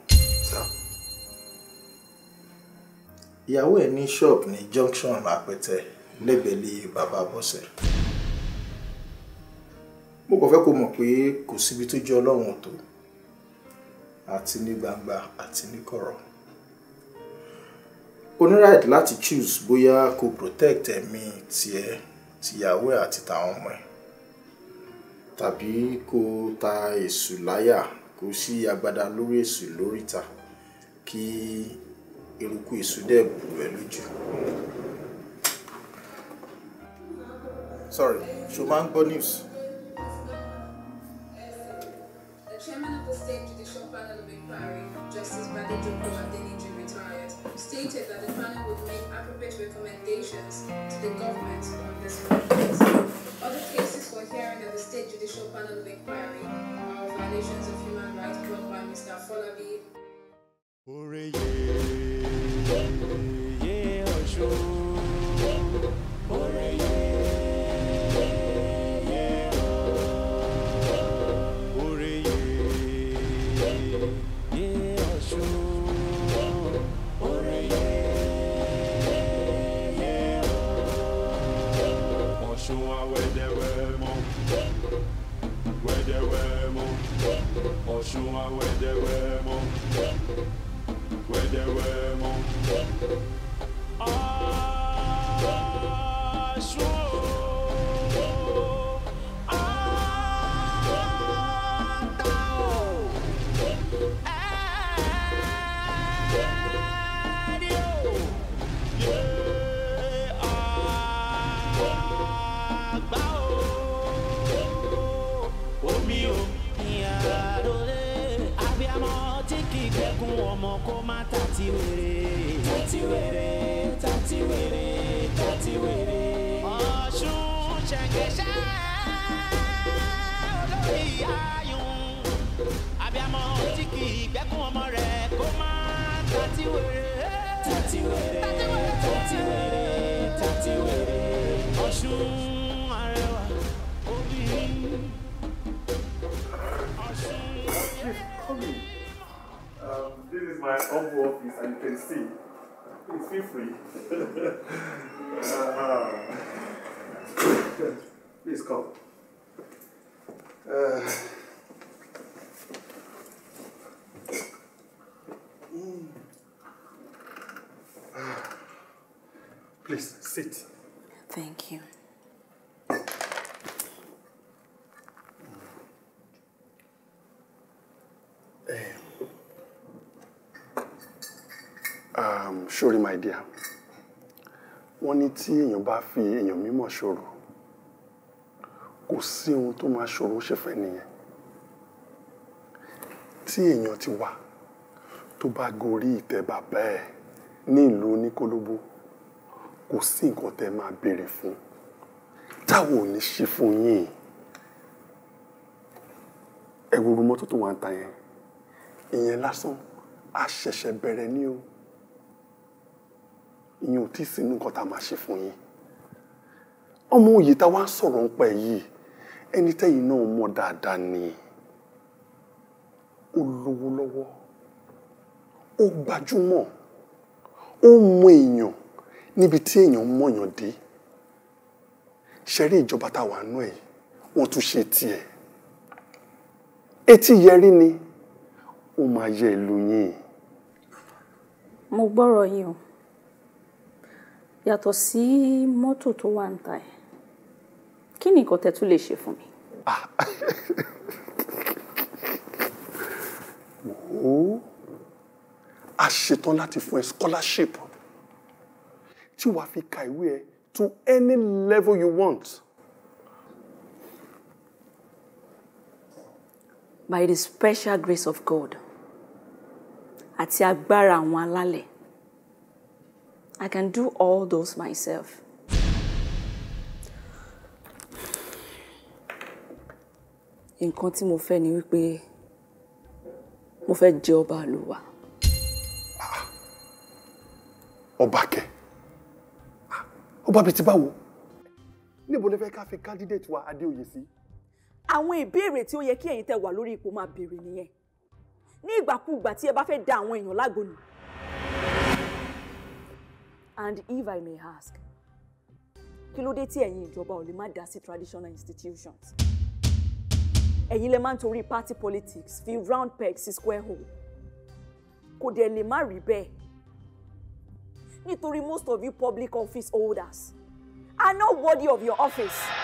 ìyàwó ẹ ní shop ní junction àpẹtẹ lẹ́gbẹ̀lẹ́ bàbá bọ́sẹ̀. mo kàn fẹ́ kó mọ̀ pé kò síbi tó jẹ́ ọlọ́run tó àti ní gbangba àti ní kọ̀rọ̀ o ní right láti choose bóyá kó protect ẹ̀mí tiẹ̀ tìyàwó ẹ̀ àti tàwọn ọmọ ẹ̀ tàbí kó ta èṣù láyà kó sí agbada lórí èṣù lóríta kí eruku èṣù dẹ̀ bù ẹ́ lójú. sorry ṣo máa ń gbọ́ news. chairman of the state judicial panel of inquiry, Justice Badejo Komadeni stated that the panel would make appropriate recommendations to the government on this matter. Other cases for hearing at the State Judicial Panel of Inquiry are violations of human rights brought by Mr. Folabi. Ọ̀ṣun awẹ́dẹ́wẹ́ mọ́ wẹ́dẹ́wẹ́ mọ́. Ọ̀ṣun. my dear wọ́n ní tí èèyàn bá fi èèyàn mímọ̀ ṣòro kò sí ohun tó máa ṣòro ṣe fẹ́ nìyẹn tí èèyàn ti wà tó bá gorí ìtẹ́ bàbá ẹ̀ ní ìlú oníkólóbó kò sí nǹkan tẹ́ máa béèrè fún táwọn ò ní ṣe fún yín ẹ wo mọ́tò tó wà ń ta yẹn ìyẹn lásán a ṣẹ̀ṣẹ̀ bẹ̀rẹ̀ ní o ìyẹn ò tí ì sínú nǹkan tá a máa ṣe fún yín ọmọ òye tá a wá ń sọ̀rọ̀ ń pẹ́ yìí ẹni tẹ́yìn náà mọ̀ dáadáa ni ó lówó lọ́wọ́ ó gbajúmọ̀ ó mọ èèyàn níbi tí èèyàn mọ̀yàn dé ṣẹ́rí ìjọba tá a wà nú ẹ̀ wọ́n tún ṣe tiẹ̀ etí yẹrí ni ó máa yẹ ìlú yín. mo gbọ́rọ̀ yín o yàtọ̀ sí mọ́tò tó wà ń ta ẹ̀ kí ni nǹkan tẹ́ tún lè ṣe fún mi. Ah. wò ó a ṣetán láti fún ẹ scholarship tí wàá fi ka ìwé ẹ to any level you want. by the special grace of God àti agbára àwọn alálẹ̀ I can do all those myself. Nǹkan tí mo fẹ́ ni wípé mo fẹ́ jẹ ọba àlùwà. Ọba kẹ, ọba bíi ti báwo? Níbo ni fẹ́ ká fi candidate wa Adéoyè sí? Àwọn ìbéèrè tí ó yẹ kí ẹ̀yin tẹ́ wà lórí ipò máa béèrè nìyẹn. Ní ìgbàkúùgbà tí ẹ bá fẹ́ da àwọn èèyàn lágbo nù and if I may ask kí ló dé tí ẹ̀yin ìjọba ò lè má dá sí traditional institutions ẹ̀yin lè máa torí party politics fi round peg sí square hole kò dẹ̀ lè má rí bẹ́ẹ̀ nítorí most of you public office holders are not worthy of your office.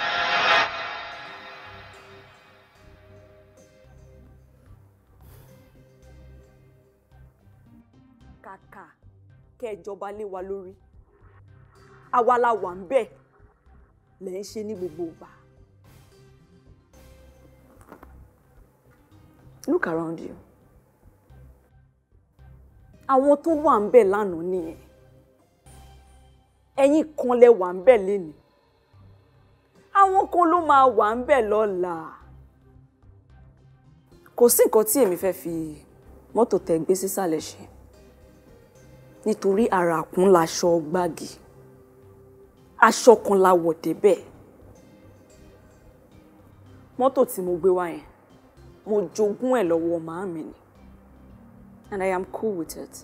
iṣẹ́ ìjọba lé wa lórí àwa la wà ń bẹ̀ lẹ́ ń ṣe ní gbogbo ìgbà. Look around you. Àwọn tó wà ń bẹ̀ lánàá nìyẹn. Ẹ̀yin kan lẹ wà ń bẹ̀ lénìí. Àwọn kan ló máa wà ń bẹ̀ lọ́la. Kò sí nǹkan tí èmi fẹ́ fi mọ́tò tẹ̀ gbé sísàlẹ̀ ṣe nítorí àràkún laṣọ gbági aṣọ kan la wọ̀ débẹ̀ mọ́tò tí mo gbé wá yẹn mo jogún ẹ̀ lọ́wọ́ màámi ni and I am cool with it.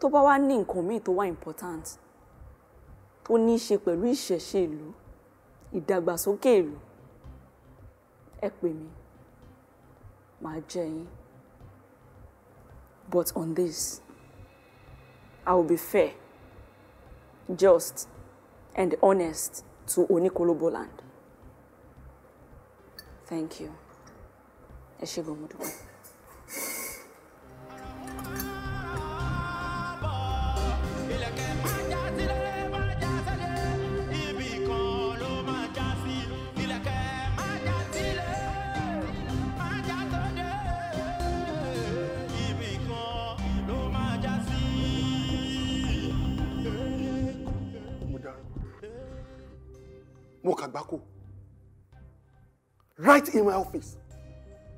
tó bá wá ní nǹkan míì tó wá important tó ní í ṣe pẹ̀lú ìṣẹ̀ṣe ìlú ìdàgbàsókè ìlú ẹ pè mí màá jẹ́ yín. But on this, I will be fair, just, and honest to Onikolobo land. Thank you. Ẹ ṣé mo kà gbáko right in my office.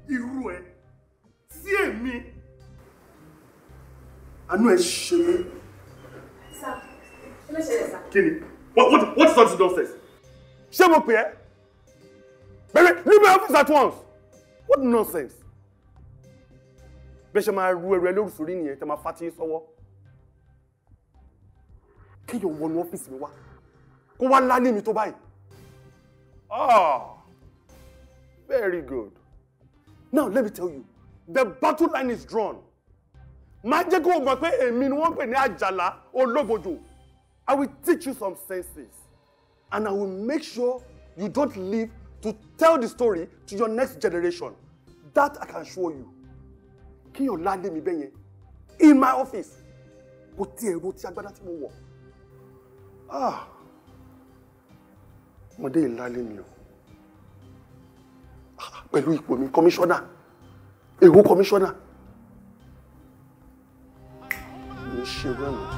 irú ẹ sí èmi àánú ẹ ṣe mí. kí ni what what what is up to downstairs. ṣé mo pè ẹ́ bẹ́ẹ̀ leave my office at once what nonsense bẹ́ẹ̀ ṣe máa ru ẹrù ẹ lórí sórí nìyẹn tẹ́ máa fà tí sọ́wọ́ kéèyàn wọnú ọ́fíìsì mi wá kó wá lálé mi tó báyìí Oh, very good. Now, let me tell you, the battle line is drawn. Má jẹ́ kó o mọ̀ pé èmi ni wọ́n pè ní àjàlá olóbojò. I will teach you some senses and I will make sure you don't live to tell the story to your next generation. That I can show you. Kíyàn ládé mi bẹ́yẹn in my office. Kò tiẹ̀ ro ti agbádá tí mo wọ̀. Ah ọmọdé ìlálẹ́ mi o ah, pẹ̀lú ipò mi kọmíṣọ́nà èwo kọmíṣọ́nà mi ṣe rẹ́wọ̀n.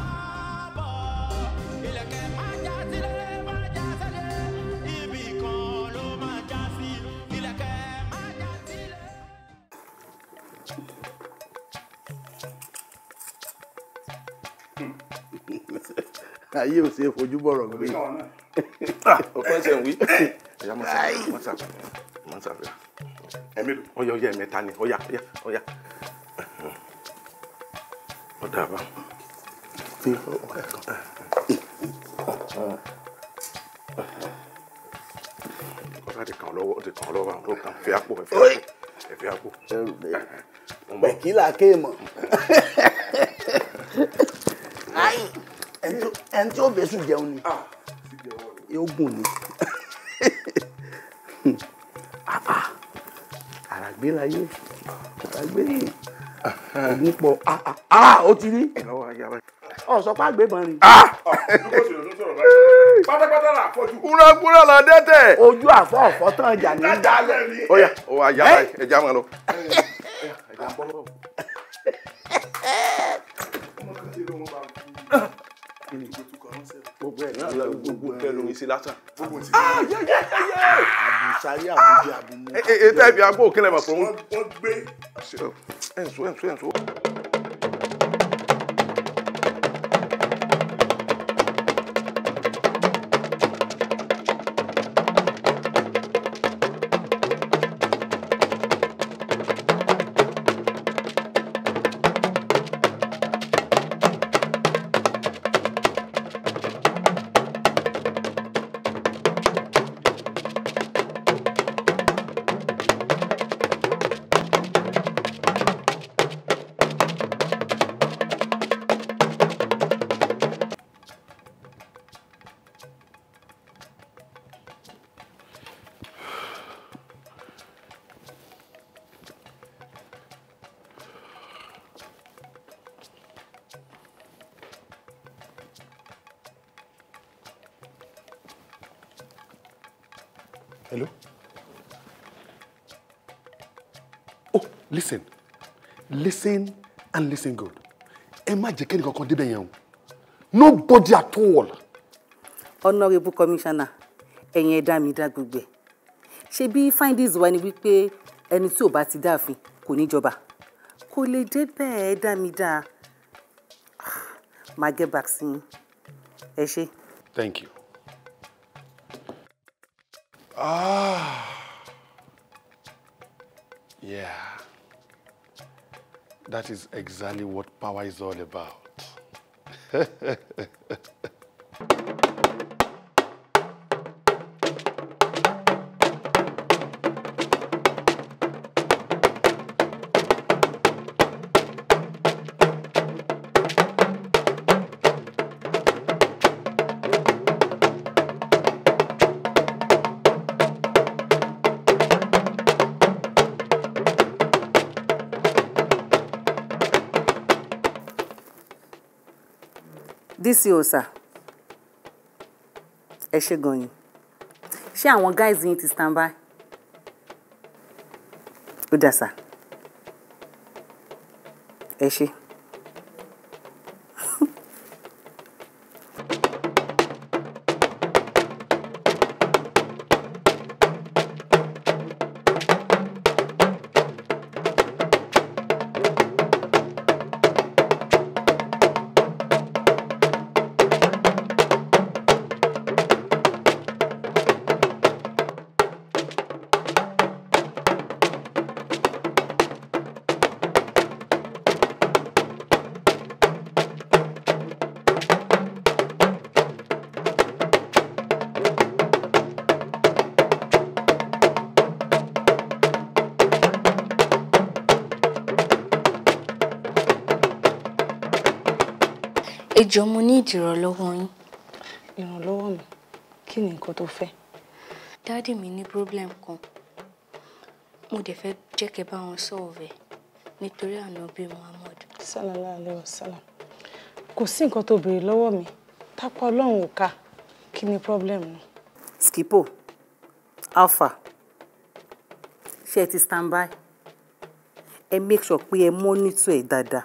Hmm. ayé ò ṣe é fojú bọ̀rọ̀ gbé ọkọ ẹsẹ̀ ń wí. ẹ̀yà mọ̀ sàfẹ́ mọ̀ sàfẹ́ mọ̀ sàfẹ́ ẹ̀mí ọyọ ọyọ ẹ̀mẹ́ta ni ọyà ọyà ọyà ọ̀dà àbá fi ọkọ ẹ̀kọ́. ọ̀dà ti kàn lọ́wọ́ ti kàn lọ́wọ́ àwọn tó kàn fi àpò ẹ̀fẹ́ àpò ẹ̀fẹ́ àpò. bẹ̀kílà kéèmọ̀ ẹni tó bẹ́sùn jẹun ni. Ah yóò gùn ni àràgbé láyé àràgbé yìí ògùn pọ̀ ó ti rí ọ sọ pé àgbébọn rí. pátápátá là fọjú. kúrakúra là dẹ́tẹ̀. ojú àfọ ọ̀fọ́ tán jà ní. ó yá ó wà yàrá ẹja máa lọ. ẹja bọ́ lọ́wọ́. kí ni ìṣètò kan ránṣẹ́. gbogbo ẹ̀ náà lọ gbogbo kẹlu ìṣe lásán. àbùsáyé àbùjẹ àbùmọ. ètò eh, eh, eh, ẹ̀bí agbóhùn kílẹ̀ mọ̀ fún un. wọ́n gbé. ẹ̀ǹsọ́ ẹ̀ǹsọ́ ẹ̀ǹsọ́. listen and listen good ẹ má jẹ́ kẹ́ni kankan débẹ̀ yẹn o nobody at all. honourable commissioner ẹ̀yin ẹ̀dá mi dá gbogbo ẹ̀ ṣe bí findings wa ni wípé ẹni tí ò bá ti dáàfin kò ní jọba kò lè débẹ̀ ẹ̀dá mi dá máa get vaccine. sí ẹ ṣe. thank you. Ah. Yeah. That is exactly what power is all about. oríṣiríṣi òòṣà ẹ ṣe gan yín ṣé àwọn guys yín ti stand by ó dà sá ẹ ṣe. ìrànlọ́wọ́ yín. ìrànlọ́wọ́ mi kí ni nǹkan tó fẹ́. dáàdì mi ní problem kan mo dẹ̀ fẹ́ jẹ́ kẹ́ bá wọn sọ̀rọ̀ nítorí ànábì muhammad. sálálá alẹ́ wasálàm kò sí nǹkan tó béèrè lọ́wọ́ mi tápá ọlọ́run ò ká kí ni problem náà. skipo alpha ṣé ẹ ti stand by ẹ make sure pé ẹ mọ́nítọ̀ ẹ̀ dáadáa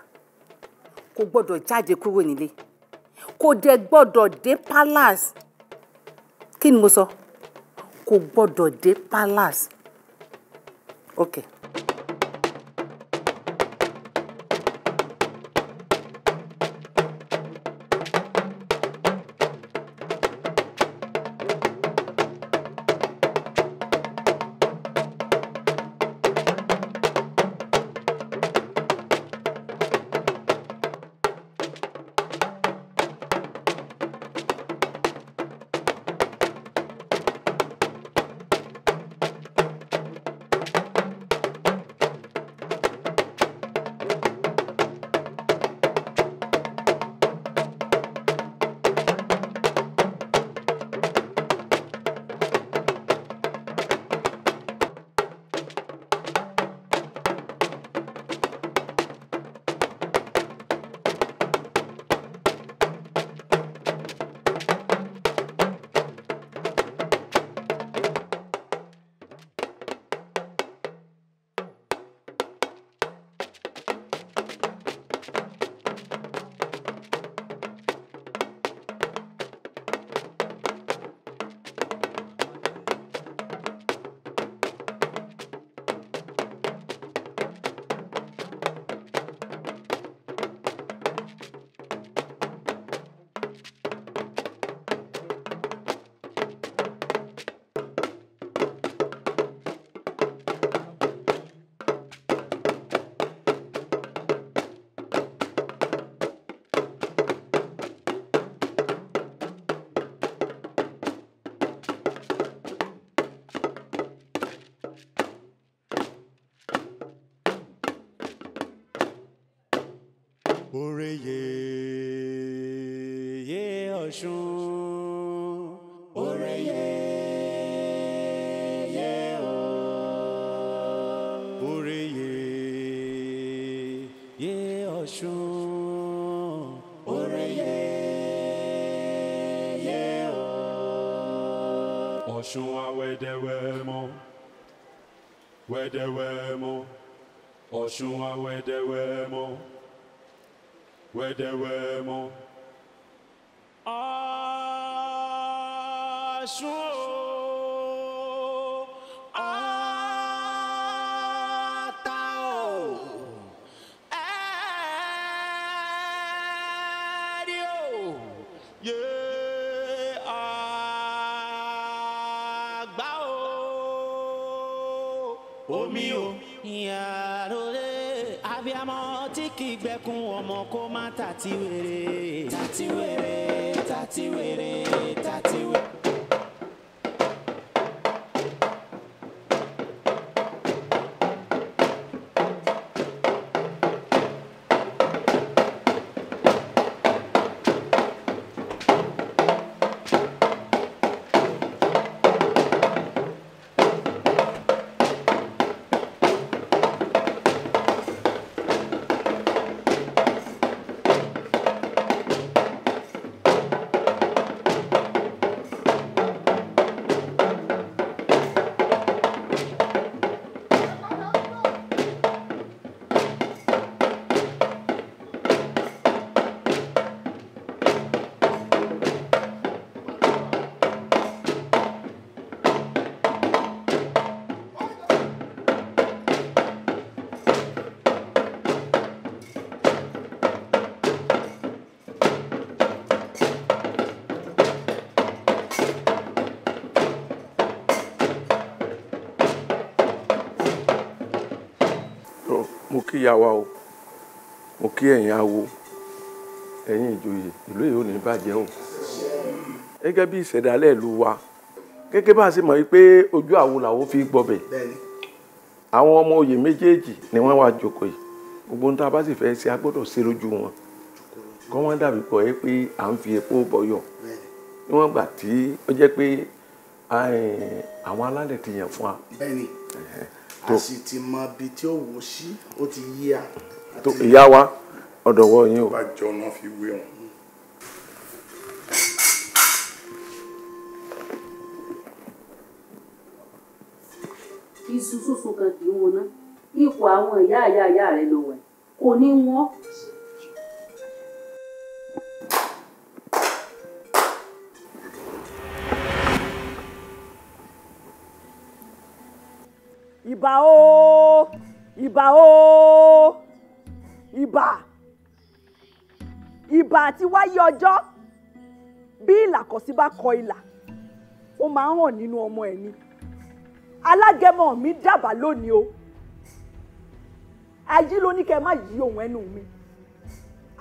kò gbọ́dọ̀ jáde kúrò nílé kò dẹ̀ gbọ́dọ̀ dé palace kí ni mo sọ kò gbọ́dọ̀ dé palace okay. Oreye ye Ọ̀ṣun. Oreye ye o. Oreye ye Ọ̀ṣun. Oreye ye o. Ọ̀ṣun wa wẹ́dẹ́wẹ́ mọ́. Wẹ́dẹ́wẹ́ mọ́. Ọ̀ṣun wa wẹ́dẹ́wẹ́ mọ́. where they were more. Ah, sure. ọmọ kó má tàtiwèrè. tàtiwèrè. mo kí ìyá wa o mo kí ẹ̀yin awo ẹ̀yin ìjòyè ìlú èyí ò ní bàjẹ́ o gẹ́gẹ́ bí ìṣẹ̀dálẹ̀ ìlú wa gẹ́gẹ́ bá a mọ̀ wípé ojú àwo fi gbọ́bẹ̀ àwọn ọmọ oyè méjèèjì ni wọ́n wá jókòó yìí gbogbo bá sì fẹ́ wọn kọ́ wọ́n dàbí pọ̀ pé à ń fi epo bọ̀yọ̀ níwọ̀n gbà tí ó pé àwọn alálẹ̀ ti yàn fún wa. a sì ti mọ ibi tí ó wò sí ó ti yí a. tó ìyá wa ọ̀dọ̀ wọ yín o. bá jọ náà fi wé wọn. iṣu súnsun kan kì í wọn ná ipò àwọn ìyá ìyá ìyá rẹ ló wẹ̀ kò ní wọn ìbà ooo ìbà ooo ìbà ìbà àti wáyé ọjọ́ bí ìlàkọ̀sí bá kọ ìlà ó máa ń hàn nínú ọmọ ẹ̀ ni alágẹmọ mi dábàá lónìí o ají ló ní kẹ́ má yí òun ẹnu mi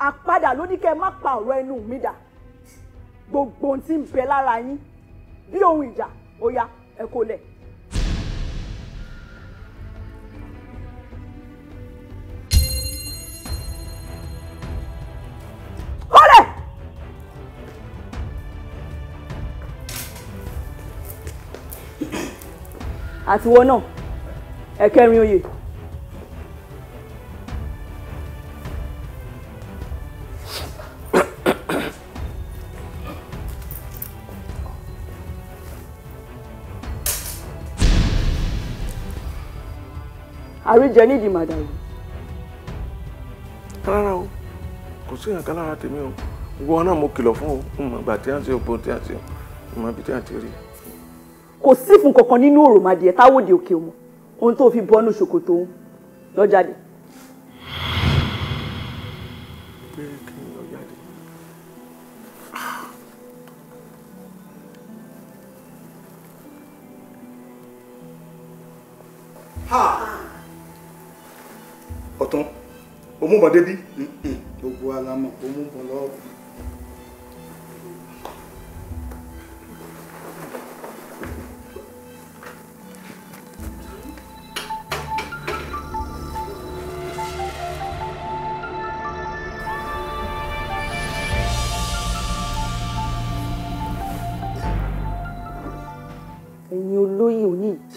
àpadà ló má pa ọ̀rọ̀ ẹnu mi dà gbogbo ohun tí ń bẹ lára yín bí ohun ìjà ó yá ẹ kó lẹ̀. àtiwọ́ náà ẹ̀kẹrin oyè. àríjẹ nídìí màdàrú. rárá o kò sí ìyànká lára tèmi o gbogbo wọn náà mo kìlọ̀ fún o mo mọ̀ gbà tí a ń ṣe o bó tí a ń ṣe o mọ̀ ibi tí a ti rí i kò sí fún kankan nínú òròmọdìẹ táwòdì òkè òmò ohun tó fi bọ́nú ṣòkòtò òun lọ́jáde. ọ̀tún òmùbọ̀dé bí gbogbo alamọ̀ òmùbọ̀ lọ́wọ́.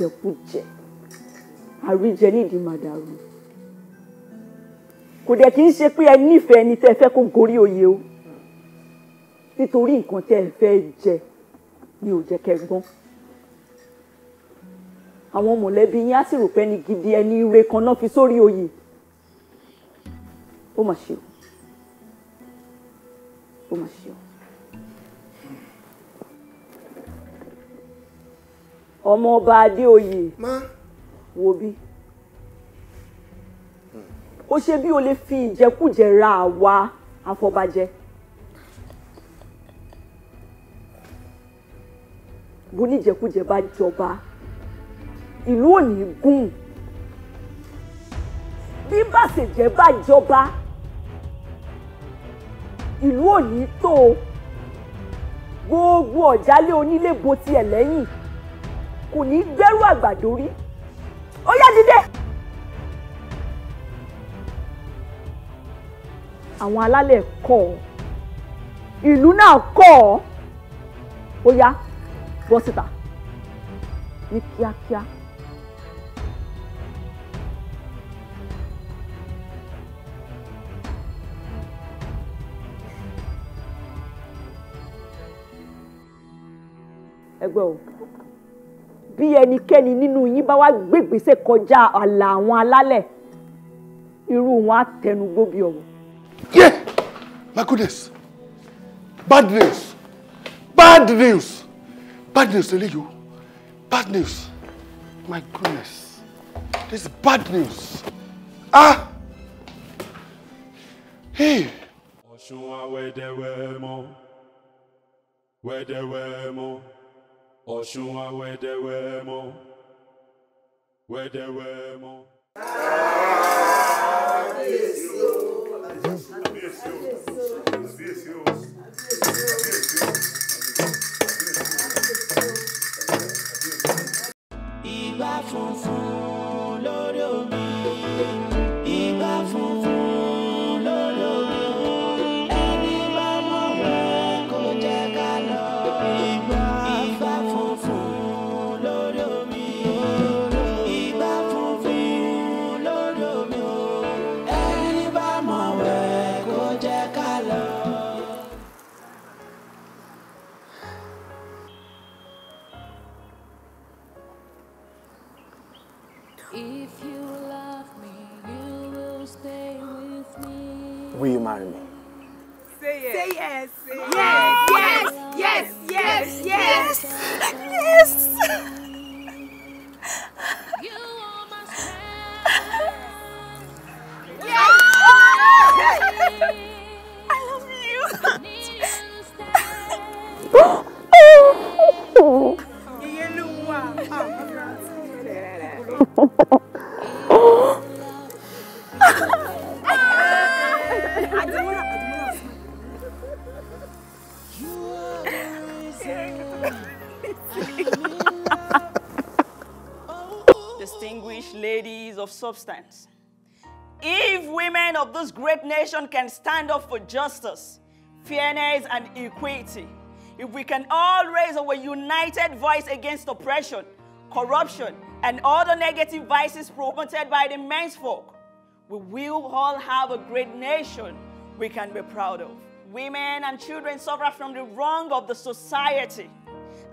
jẹkújẹ àríjẹ nídìí máa dàrú kò dẹ̀ kí n ṣe pé ẹ nífẹ̀ẹ́ ni tẹ́ ẹ fẹ́ kó gorí oyè o nítorí nǹkan tẹ́ ẹ fẹ́ jẹ ni ò jẹ́ kẹ́ gbọ́n àwọn mọ̀lẹ́bí yín á sì rò pé ẹni gidi ẹni ire kan náà fi sórí oyè ó mà ṣe o ó mà ṣe o. ọmọọba adéoyè wo bí o ṣe bí o lè fi ìjẹkújẹ ra àwa afọbajẹ bó níjẹkújẹ bá jọba ìlú ò ní gùn bí bàṣẹjẹ bá jọba ìlú ò ní tó gbogbo ọ̀jálé onílé bo tiẹ̀ lẹ́yìn kò ní gbẹ́rù àgbàdo rí ó yá dìde. àwọn alálẹ̀ kọ̀ ọ́ ìlú náà kọ̀ ọ́ ó yá bọ́ síta ní kíákíá. ẹgbẹ́ o bí ẹnikẹ́ni nínú yín bá wá gbégbèsè kọjá àlà àwọn alálẹ̀ irú wọn á tẹnu gbóbi ọ̀wọ̀. yeah my goodness bad news bad news bad news eléyìí o bad news my goodness this is bad news ah hey. ọ̀ṣun àwẹ̀dẹ̀wẹ̀ mọ́ wẹ̀dẹ̀wẹ̀ mọ́. Ọ̀ṣun awẹ́dẹ́wẹ́ mọ́ wẹ́dẹ́wẹ́ mọ́. kábíyèsí you, kábíyèsí o kábíyèsí o kábíyèsí o. Distinguished ladies of substance, if women of this great nation can stand up for justice, fairness, and equity, if we can all raise our united voice against oppression, corruption, and other negative vices promoted by the men's folk, we will all have a great nation we can be proud of. Women and children suffer from the wrong of the society.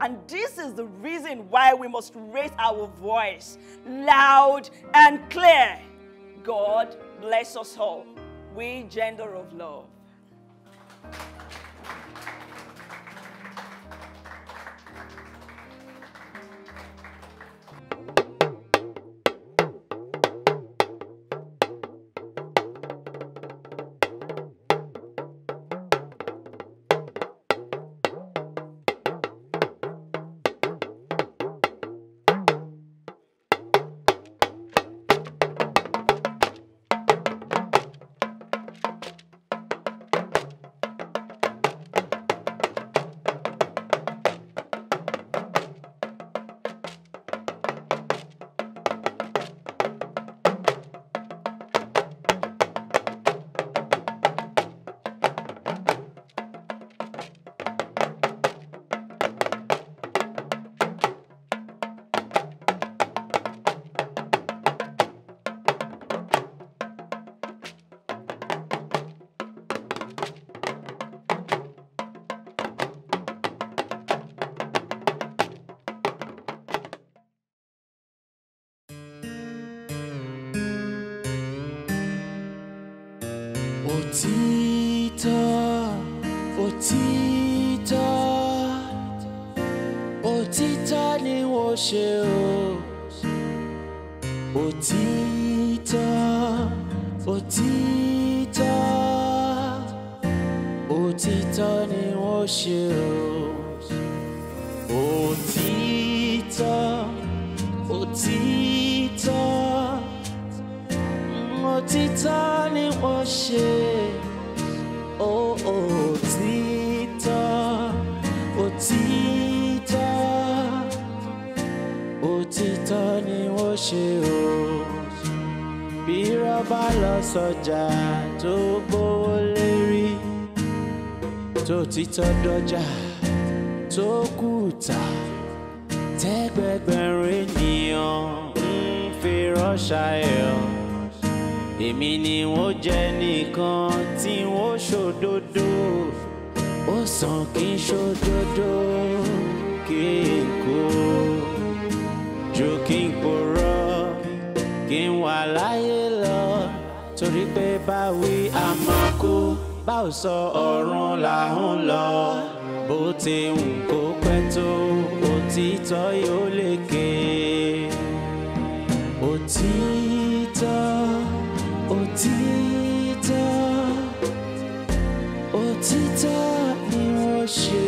And this is the reason why we must raise our voice loud and clear. God bless us all. We, gender of love. títọ́ dọ́jà tó kù tà tẹ́gbẹ̀gbẹ̀rún ènìyàn ń fi rọ́ṣà ẹ̀ èmi ni wọ́n jẹ́ nìkan tí wọ́n ṣòdodo ó sàn kí n ṣòdodo kí n kó ju kí n pòrọ́ kí n wà láyé lọ torí pé báwí a máa kó bá ò sọ ọ̀run là ń lọ bó ti ń kó pẹ́ tó òtítọ́ yóò lékè òtítọ́ òtítọ́ òtítọ́ ni wọ́n ṣe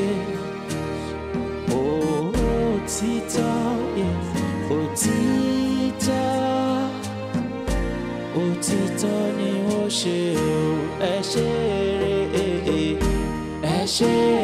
òtítọ́ òtítọ́ òtítọ́ ni wọ́n ṣe ẹ ṣe. share.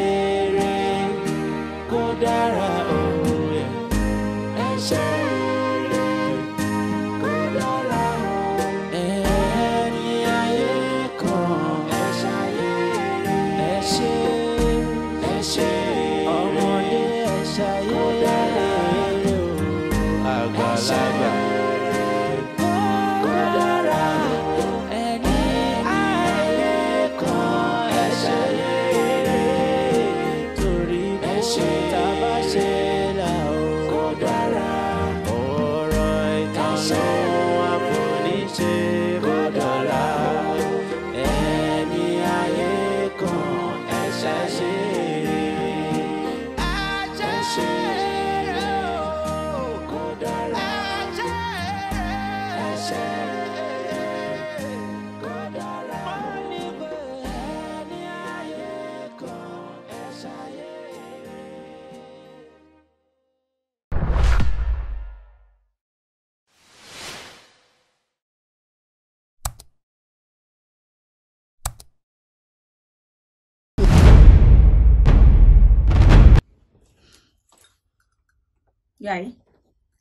Guy,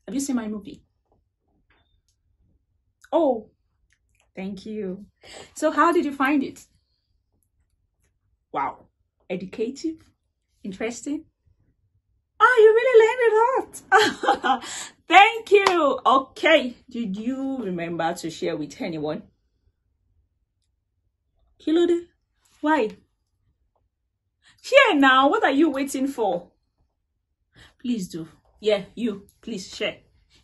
have you seen my movie? Oh, thank you. So how did you find it? Wow, educative, interesting. Oh, you really learned a lot. thank you. Okay, did you remember to share with anyone? Kilode, why? Share now, what are you waiting for? Please do. Yeah, you, please share.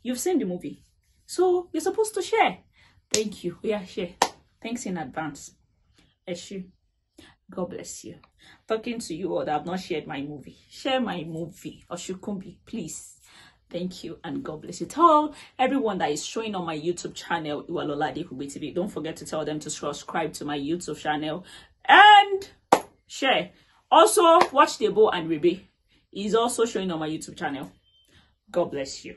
You've seen the movie. So you're supposed to share. Thank you. Yeah, share. Thanks in advance. Eshu. God bless you. Talking to you all that have not shared my movie. Share my movie. Oshukumbi, please. Thank you and God bless you. Tell everyone that is showing on my YouTube channel, Iwalola Dekubi TV. Don't forget to tell them to subscribe to my YouTube channel and share. Also, watch the bow and Rebe. is also showing on my YouTube channel. God bless you.